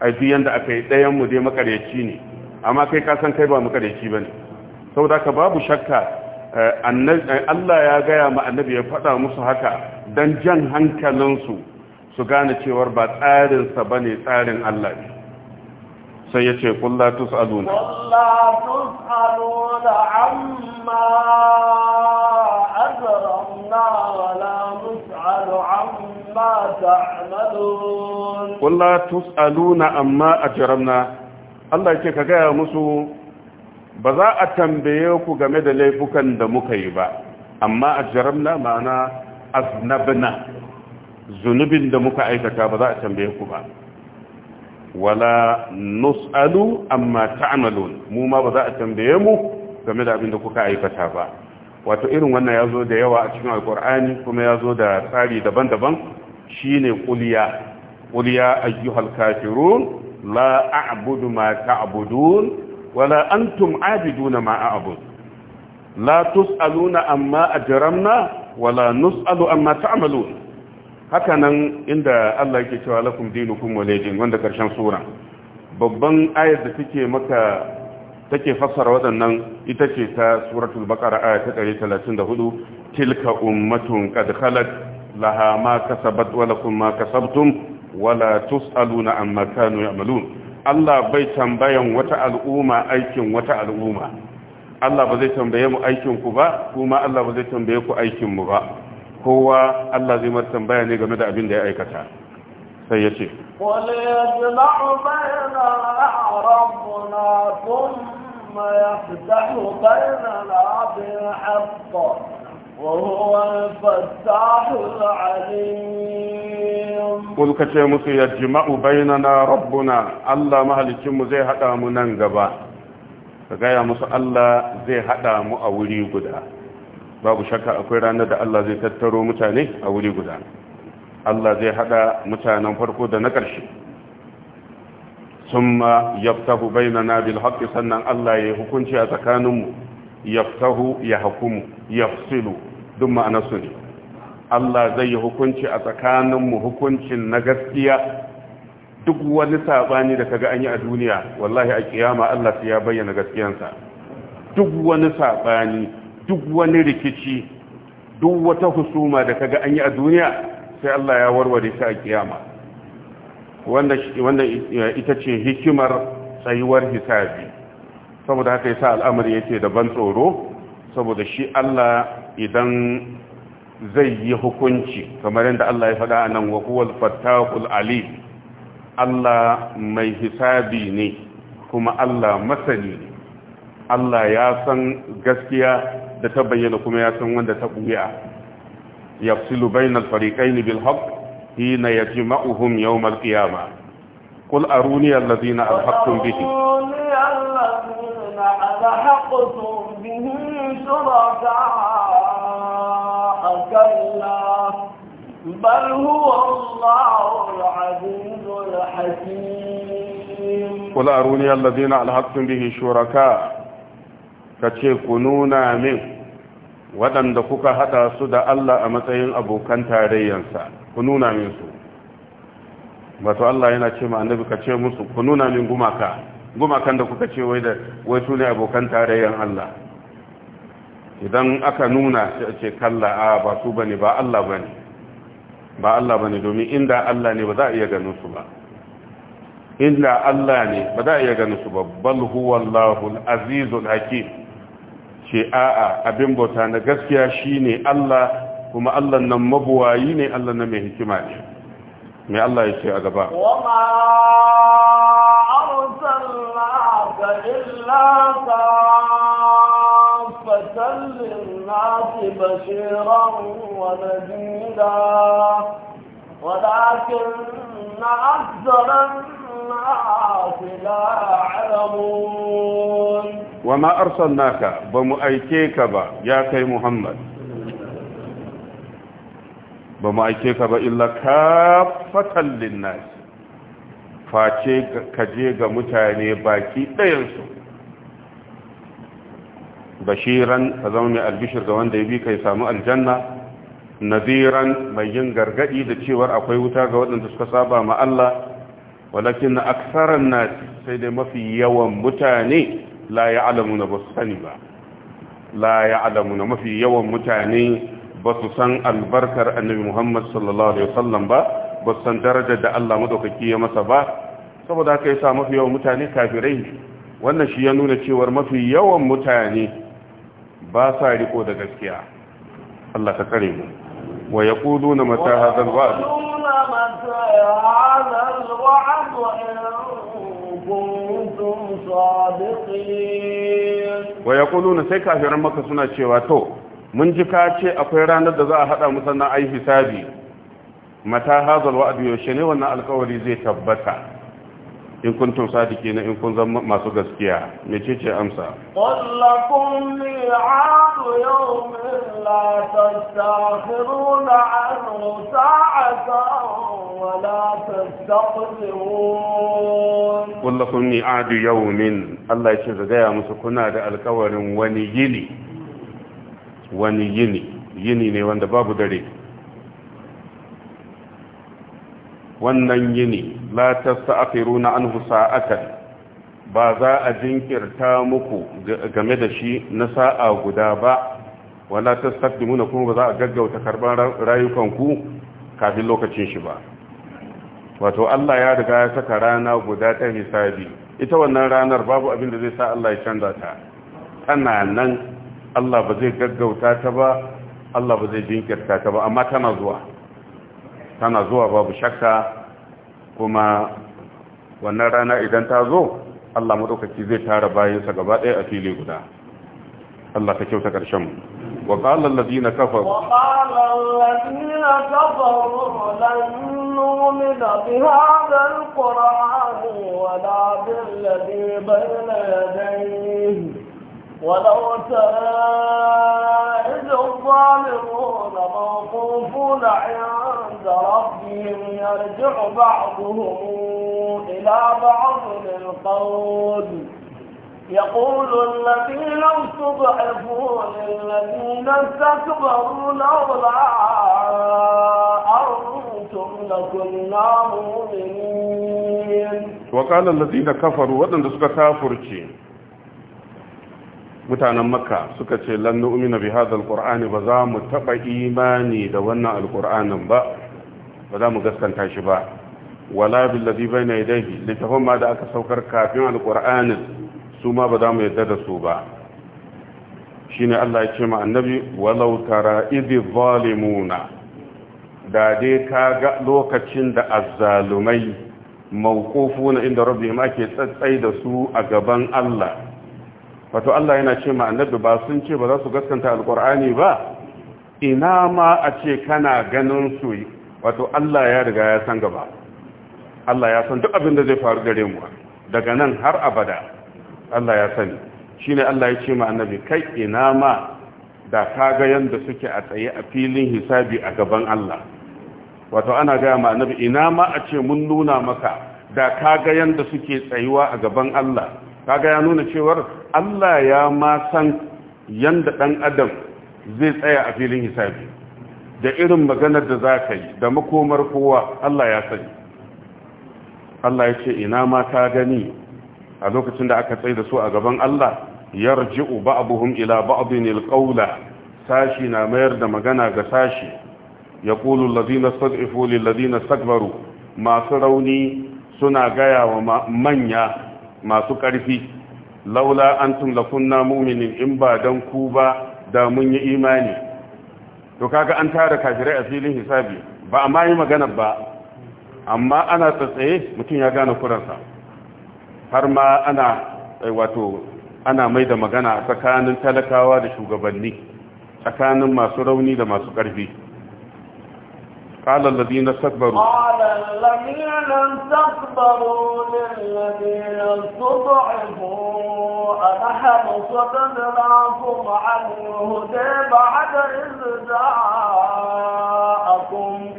ai duk yanda aka yi ɗayan mu dai makaryaci ne amma kai ka san kai ba makaryaci bane saboda ka babu shakka eh, eh, Allah ya gaya ma annabi ya faɗa musu haka dan jan hankalinsu su gane cewar ba tsarinsa bane tsarin Allah ne sai ya ce kulla tus'aluna kulla tus'aluna amma azramna wala nus'alu amma ta'malun kulla Allah yake ka gaya musu ba za a tambaye ku game da laifukan da muka yi ba amma a ajramna ma'ana aznabna zunubin da muka aikata ba za a tambaye ku ba wala nus'alu amma ta'malun mu ma ba za a tambaye mu game da abin da kuka aikata ba wato irin wannan yazo da yawa a cikin alqur'ani kuma yazo da tsari daban-daban shine quliya quliya ayyuhal kafirun la a'budu ma ta'budun wala antum abiduna ma a'budu la tus'aluna amma ajramna wala nus'alu amma ta'malun haka nan inda Allah yake cewa lakum dinukum walidin wanda karshen sura babban ayar da take maka take fassara waɗannan ita ce ta suratul baqara aya ta 134 tilka ummatun qad khalat laha ma kasabat wa lakum ma kasabtum wala tus'aluna amma kanu ya'malun Allah bai tambayan wata al'umma aikin wata al'umma Allah ba zai tambaye mu aikin ku ba kuma Allah ba zai tambaye ku aikin mu ba kowa Allah zai mata tambaya ne game da abin da ya aikata sai ya ce wale ya ji na'u bayana rabbuna thumma yaftahu bayana abin haqqa wa huwa al-fattahu al-alim kun kace musu ya jima'u bainana rabbuna Allah mahalicin mu zai hada mu nan gaba ka gaya musu Allah zai hada mu a wuri guda babu shakka akwai ranar da Allah zai tattaro mutane a wuri guda Allah zai hada mutanen farko da na ƙarshe summa yaftahu bainana bil haqqi sannan Allah ya hukunci a tsakaninmu yaftahu ya hukumu yafsilu duk ma'anar su ne Allah zai yi hukunci a tsakaninmu hukuncin na gaskiya duk wani sabani da kaga an yi a duniya wallahi a kiyama Allah sai ya bayyana gaskiyansa duk wani sabani duk wani rikici duk wata husuma da kaga an yi a duniya sai Allah ya warware shi a kiyama wanda ita ce hikimar tsayuwar hisabi saboda haka yasa al'amari yake da ban tsoro saboda shi Allah idan zai yi hukunci kamar yadda Allah ya faɗa nan wa huwal fattahul alim Allah mai hisabi ne kuma Allah masani Allah ya san gaskiya da ta bayyana kuma ya san wanda ta buya yafsilu bainal fariqain bil haqq hina yajma'uhum yawm al qiyamah qul aruni alladhina alhaqtum bihi ألحقتم به شركاء كلا بل هو الله العزيز الحكيم قل أروني الذين ألحقتم به شركاء ka ce ku nuna min waɗanda kuka haɗa su da Allah a matsayin abokan tarayyarsa, ku nuna min su Ba su Allah yana ce ma ka ce musu ku nuna min gumaka gumakan da kuka ce wai su ne abokan tarayyan Allah idan aka nuna ce kalla a ba su ba ne ba Allah bane ba Allah bane domin inda Allah ne ba za a iya ganin su ba inda Allah ne ba za a iya ganin su ba bal huwa Allahul azizul hakim a'a abin bauta na gaskiya shine Allah kuma Allah nan mabuwayi ne Allah nan mai hikima ne mai Allah ya ce a gaba wama arsalnaka illa kafatan lin-nasi bashiran wa nadira ولكن أكثر الناس لا يعلمون wa ma naka ba mu aike ka ba ya kai muhammad ba mu aike ka ba illa kafatan nasi face ka je ga mutane baki ɗayansu bashiran ka zama mai albishir ga wanda ya bi ka samu aljanna naziran mai yin gargadi da cewar akwai wuta ga waɗanda suka saba ma Allah walakin na aksaran nasi sai dai mafi yawan mutane la ya'lamuna ba su sani ba la ya'lamuna mafi yawan mutane ba su san albarkar annabi Muhammad sallallahu alaihi wasallam ba ba su san darajar da Allah madaukaki ya masa ba saboda haka yasa mafi yawan mutane kafirai wannan shi ya nuna cewar mafi yawan mutane ba sa riko da gaskiya Allah ka kare mu wa yaquluna mata hadha al kuntum sadiqin wa yaquluna sai kafiran maka suna cewa to mun ji ka ce akwai ranar da za a hada mu sannan ai hisabi mata hazal wa'd yaushe ne wannan alkawari zai tabbata in kuntum sadiqina in kun zama masu gaskiya ce, amsa qallakum li'adu yawmin la tastakhiruna anhu sa'atan wa la tastaqdimun qallakum li'adu yawmin Allah yace zagaya musu kuna da alkawarin wani yini wani yini yini ne wanda babu dare wannan yini la tasta'khiruna anhu sa'atan ba za a jinkirta muku game da shi na sa'a guda ba wala tastaqdimuna kuma ba za a gaggauta karban rayukanku kafin lokacin shi ba wato Allah ya riga ya saka rana guda ta misali ita wannan ranar babu abin da zai sa Allah ya canza ta tana nan Allah ba zai gaggauta ta ba Allah ba zai jinkirta ta ba amma tana zuwa tana zuwa babu shakka kuma wannan rana idan ta zo Allah madaukaki zai tara bayansa gaba ɗaya a fili guda Allah ta kyauta ƙarshen mu وقال الذين da وقال الذين كفروا ولو ترى الظالمون موقوفون عند عند ربهم يرجع بعضهم إلى بعض القول يقول الذين استضعفوا للذين استكبروا لولا أنتم لكنا مؤمنين وقال الذين كفروا ودن دسك كافرتي متانا مكة suka لن نؤمن بهذا القرآن hadha alqur'ani إيماني دونا القرآن بأ ba za mu gaskanta shi ba wala billazi bayna yadayhi littafin ma da aka saukar kafin alqur'anin su ma ba za mu yadda da su ba shine Allah ya ce ma annabi walau tara idhi zalimuna da dai ka ga lokacin da azzalumai mawqufuna inda rabbihim ake tsatsai da su a gaban Allah wato Allah yana ce ma annabi ba sun ce ba za su gaskanta alqur'ani ba ina ma a ce kana ganin su wato Allah ya riga ya san gaba Allah ya san duk abin da zai faru gare mu daga nan har abada Allah ya sani shine Allah ya ce ma annabi kai ina ma da ka ga yanda suke a tsaye a filin hisabi a gaban Allah wato ana gaya ma annabi ina ma a ce mun nuna maka da ka ga yanda suke tsayuwa a gaban Allah kaga ya nuna cewar Allah ya ma san yanda dan adam zai tsaya a filin hisabi da irin maganar da za ka yi da makomar kowa Allah ya sani Allah ya ce ina ma ta gani a lokacin da aka tsaye da su a gaban Allah yarji'u ba'dhum ila ba'dhin alqawla sashi na mayar da magana ga sashi yaqulu alladhina stad'ifu lil ladina stakbaru masu rauni suna gaya wa manya masu ƙarfi laula antum lakunna mu'minin in ba dan ku ba da mun yi imani to kaga an tara kafirai a filin hisabi ba a ma yi magana ba amma ana tsatsaye mutum ya gane kuransa har ma ana eh, wato ana mai da magana tsakanin talakawa da shugabanni tsakanin masu rauni da masu ƙarfi قال الذين استكبروا قال الذين استكبروا للذين استضعفوا أنحن صددناكم عن الهدى بعد إذ جاءكم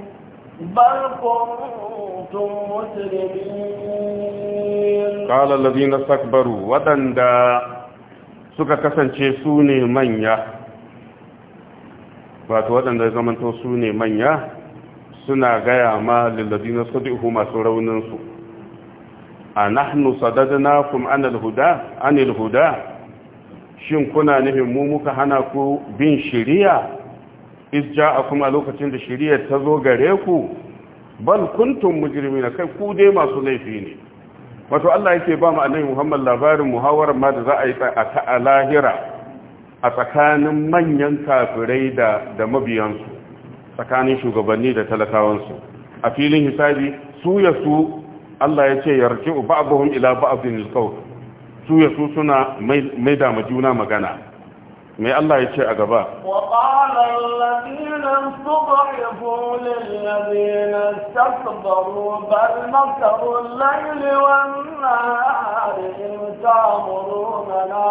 بل كنتم مسلمين قال الذين استكبروا ودندا suka kasance su ne manya wato waɗanda zamanto su ne manya suna gaya ma lillazina sadihu masu rauninsu a nahnu kuma anil huda anil huda shin kuna nufin mu muka hana ku bin shiriya? Is ja a lokacin da shiriya ta zo gare ku bal mujirmi na kai ku dai masu laifi ne wato Allah yake ba mu annabi Muhammad labarin muhawarar ma da za a yi a lahira a tsakanin manyan kafirai da da mabiyansu tsakanin shugabanni da talakawansu a filin hisabi su ya su Allah ya ce yarji'u ba'dhum ila ba'dhin al-qawl su ya su suna mai da juna magana me Allah ya ce وقال الذين استضعفوا للذين استكبروا بل مكر الليل والنهار إن تأمروننا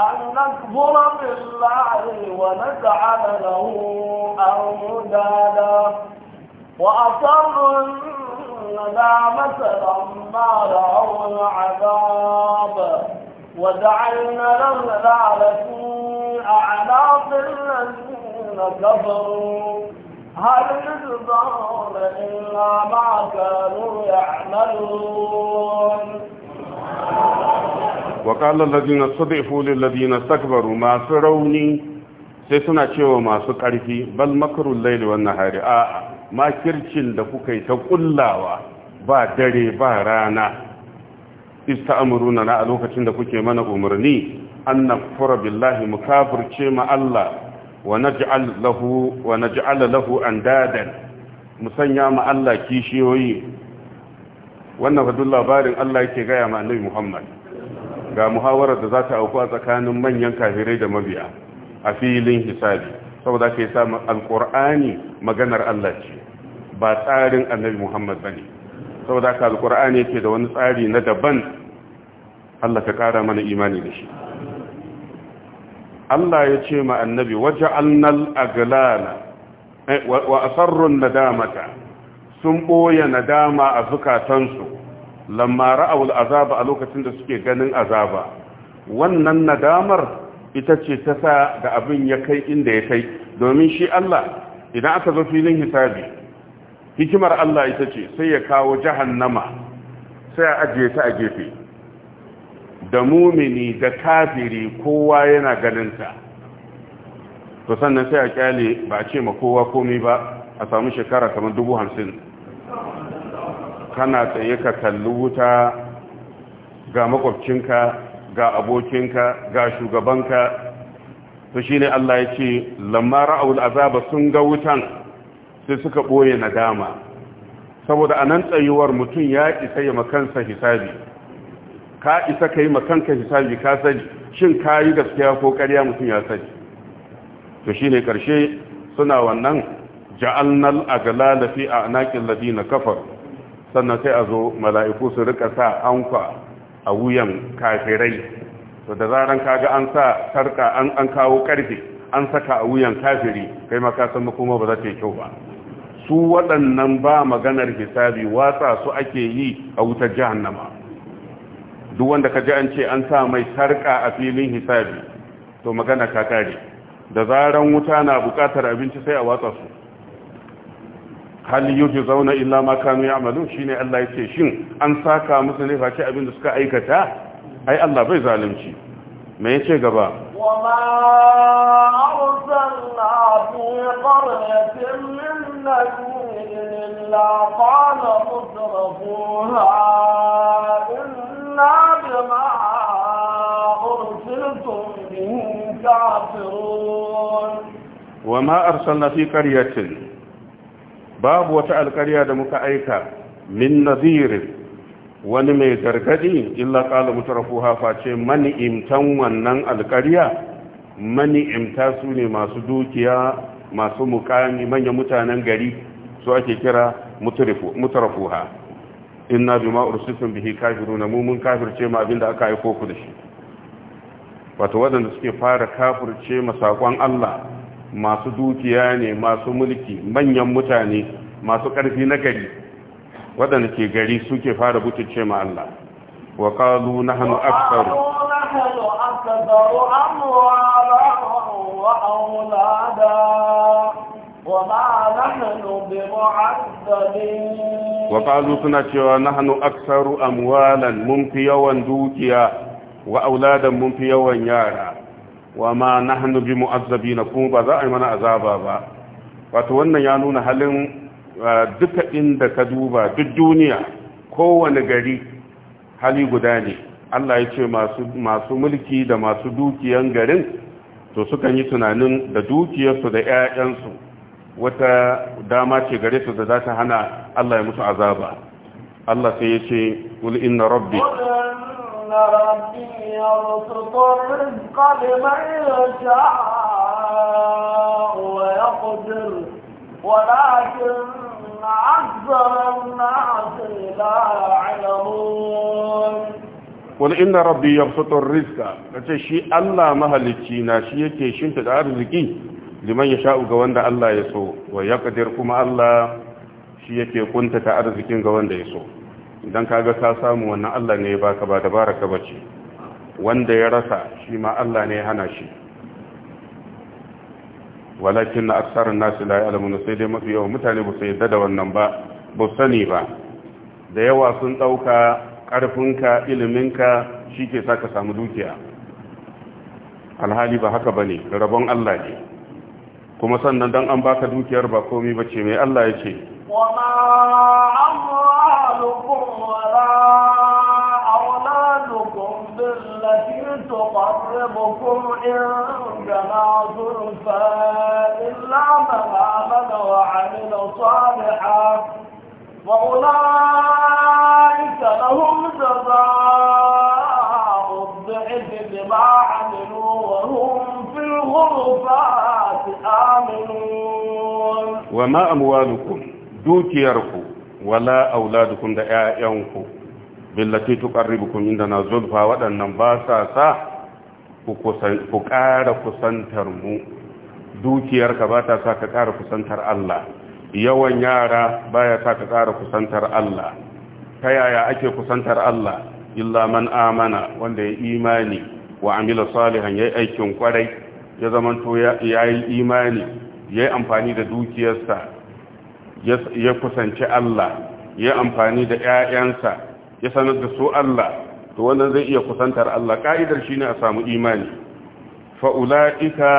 أن نكبر بالله ونجعل له أندادا وأصروا الندامة لما رأوا العذاب وجعلنا لهم لعنة ظل الذين كفروا هل يجزون إلا ما كانوا يعملون وقال الذين صدعفوا للذين استكبروا ما سروني sai suna cewa masu ƙarfi bal makarun laili wannan hari a makircin da kuka yi ta kullawa ba dare ba rana ista amuruna na a lokacin da kuke mana umarni an nakfura billahi mu kafirce ma Allah wa na lahu lahu mu sanya ma Allah kishiyoyi wannan fa labarin Allah yake gaya ma Annabi Muhammad ga muhawarar da za ta auku a tsakanin manyan kafirai da mabiya a filin hisabi saboda ka yi samun alkur'ani maganar Allah ce ba tsarin annabi Muhammad ba ne saboda ka alkur'ani ke da wani tsari na daban Allah ka ƙara mana imani da shi Allah ya ce ma annabi waje annal aglala eh, wa asarrun nadamata sun ɓoye nadama a zukatansu lamma a azaba a lokacin da suke ganin azaba wannan nadamar ita ce ta sa da abin ya kai inda ya kai domin shi Allah idan aka zo filin hisabi hikimar Allah ita ce sai ya kawo jahannama sai a ajiye ta a gefe da mumini da kafiri kowa yana ganinta to sannan sai a kyale ba a ce ma kowa komai ba a samu shekara kamar dubu hamsin kana tsaye ka kalli wuta ga makwabcinka ga abokinka ga shugabanka to shi ne Allah ya ce lamma ra'aul azaba sun ga wutan sai suka ɓoye nadama saboda a nan tsayuwar mutum ya isa yi makansa hisabi ka isa ka yi makanka hisabi ka sani shin ka yi gaskiya ko karya mutum ya sani to shi ne ƙarshe suna wannan ja'alnal agalala fi a anakin na kafar sannan sai a zo mala'iku su rika sa an kwa a wuyan kafirai to da zaran kaga an sa sarka an kawo karfe an saka a wuyan kafiri kai ma ka san makoma ba za ta yi kyau ba su waɗannan ba maganar hisabi watsa su ake yi a wutar jahannama duk wanda ka ji an ce an sa mai sarka a filin hisabi to magana ka kare da zaran wuta na bukatar abinci sai a watsa su hal yuji zauna illa ma kanu ya'malu shine Allah yace shin an saka musu ne face abin da suka aikata ai Allah bai zalunci me yace gaba وما أرسلنا في قرية من نذير إلا قال مترفوها إنا بما أرسلتم به كافرون وما أرسلنا في قرية باب وتأل قرية دمك أيكا من نذير wani mai gargadi illa kala mutarafu hafa ce mani imtan wannan alkariya mani imta su ne masu dukiya masu mukami manyan mutanen gari su ake kira Ina inna ma'ur ursiltum bihi kafiruna mu mun ce ma abinda aka yi ku da shi wato waɗanda suke fara kafurce ma sakon Allah masu dukiya ne masu mulki manyan mutane masu ƙarfi na gari waɗanda ke gari suke fara butulce ma Allah wa qalu nahnu aktsaru nahnu aktsaru amwalan wa aulada wa ma nahnu bimu'azzabin wa qalu suna cewa nahnu aktsaru amwalan mun fi yawan dukiya wa auladan mun fi yawan yara wa ma na hannu bi nahnu na kuma ba za a yi mana azaba ba wato wannan ya nuna halin duka inda ka duba duk duniya kowane gari hali guda ne Allah ya ce masu mulki da masu dukiyan garin to sukan yi tunanin da dukiyarsu da 'ya'yansu wata dama ce gare su da za ta hana Allah ya musu azaba Allah sai ya ce wuli inna rabbi ولكن أكثر الناس لا يعلمون قل إن ربي Allah mahalicci na shi yake شيء كيشين تدارزكي liman ya sha'u ga wanda Allah ya so wa ya kuma Allah shi yake kuntata arzikin ga wanda ya so idan ka ga ka samu wannan Allah ne ya baka ba dabara ka bace wanda ya rasa shi ma Allah ne ya hana shi walakin na aksarin nasu la ya'lamun sai dai mafi yawa mutane ba su yadda da wannan ba ba sani ba da yawa sun dauka ƙarfinka iliminka sa ka samu dukiya alhali ba haka ba ne, rabon Allah ne kuma sannan dan an baka dukiyar ba komai bace mai Allah yake wa ma amwalukum أعمالكم بالتي تقربكم إن زلفى فإلا من آمن وعمل صالحا وأولئك لهم جزاء الضعف بما عملوا وهم في الغرفات آمنون وما أموالكم دوتيركم ولا أولادكم دعائكم billati tuqarribukum na zulfa waɗannan ba sa sa ku ƙara kusantar mu dukiyarka ba ta sa ka ƙara kusantar Allah yawan yara baya sa ka ƙara kusantar Allah ta yaya ake kusantar Allah illa man amana wanda ya imani wa amila salihan yayi aikin kwarai ya zamanto yi imani yi amfani da dukiyarsa ya kusanci Allah ya amfani da ƴaƴansa ya sanar da su Allah to wannan zai iya kusantar Allah ka'idar shine a samu imani fa'ulaika ulaika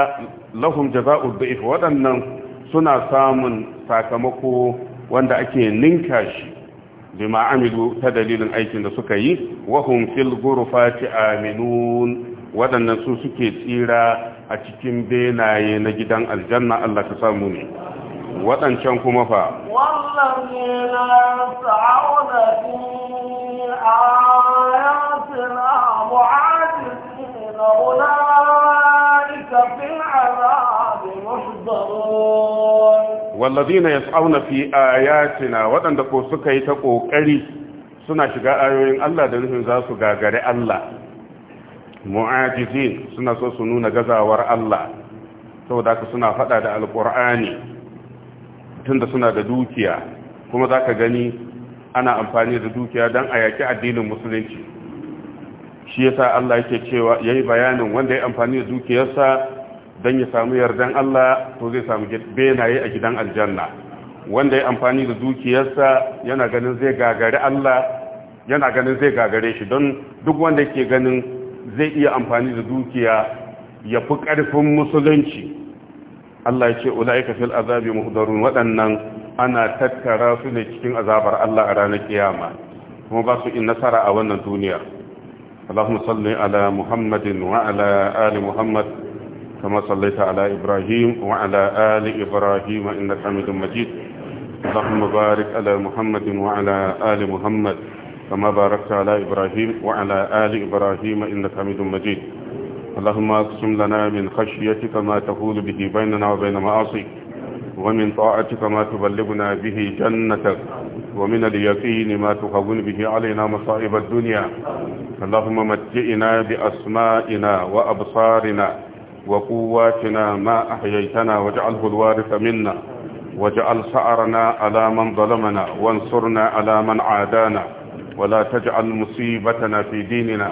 lahum jazaa'u dhif wadannan suna samun sakamako wanda ake ninka shi bima amilu ta dalilin aikin da suka yi wa hum fil ghurfati aminun waɗannan su suke tsira a cikin benaye na gidan aljanna Allah ka samu ne waɗancan kuma fa wallazina yas'auna fi ayatina waɗanda ko suka yi ta ƙoƙari suna shiga ayoyin Allah da nufin za su gagare Allah mu'ajizin suna so su nuna gazawar Allah saboda haka suna faɗa da alƙur'ani tunda suna da dukiya kuma za ka gani ana amfani da dukiya don a yaƙi addinin musulunci shi yasa Allah yake cewa ya yi bayanin wanda ya amfani da dukiyarsa don ya samu yardan Allah to zai samu benaye a gidan aljanna wanda ya amfani da dukiyarsa yana ganin zai gagare Allah yana ganin zai gagare shi don duk wanda yake ganin zai iya amfani da dukiya ya fi ƙarfin musulunci Allah ya ce ulaika fil azabi muhdarun waɗannan ana tattara su ne cikin azabar Allah a ranar kiyama kuma ba su in nasara a wannan duniya Allahumma salli ala Muhammadin wa ala ali Muhammad kama sallaita ala Ibrahim wa ala ali Ibrahim innaka Hamidum Majid Allahumma barik ala Muhammadin wa ala ali Muhammad kama barakta ala Ibrahim wa ala ali Ibrahim innaka Hamidum Majid اللهم اقسم لنا من خشيتك ما تفول به بيننا وبين معاصيك ومن طاعتك ما تبلغنا به جنتك ومن اليقين ما تهون به علينا مصائب الدنيا اللهم متئنا بأسمائنا وأبصارنا وقواتنا ما أحييتنا واجعله الوارث منا واجعل سعرنا على من ظلمنا وانصرنا على من عادانا ولا تجعل مصيبتنا في ديننا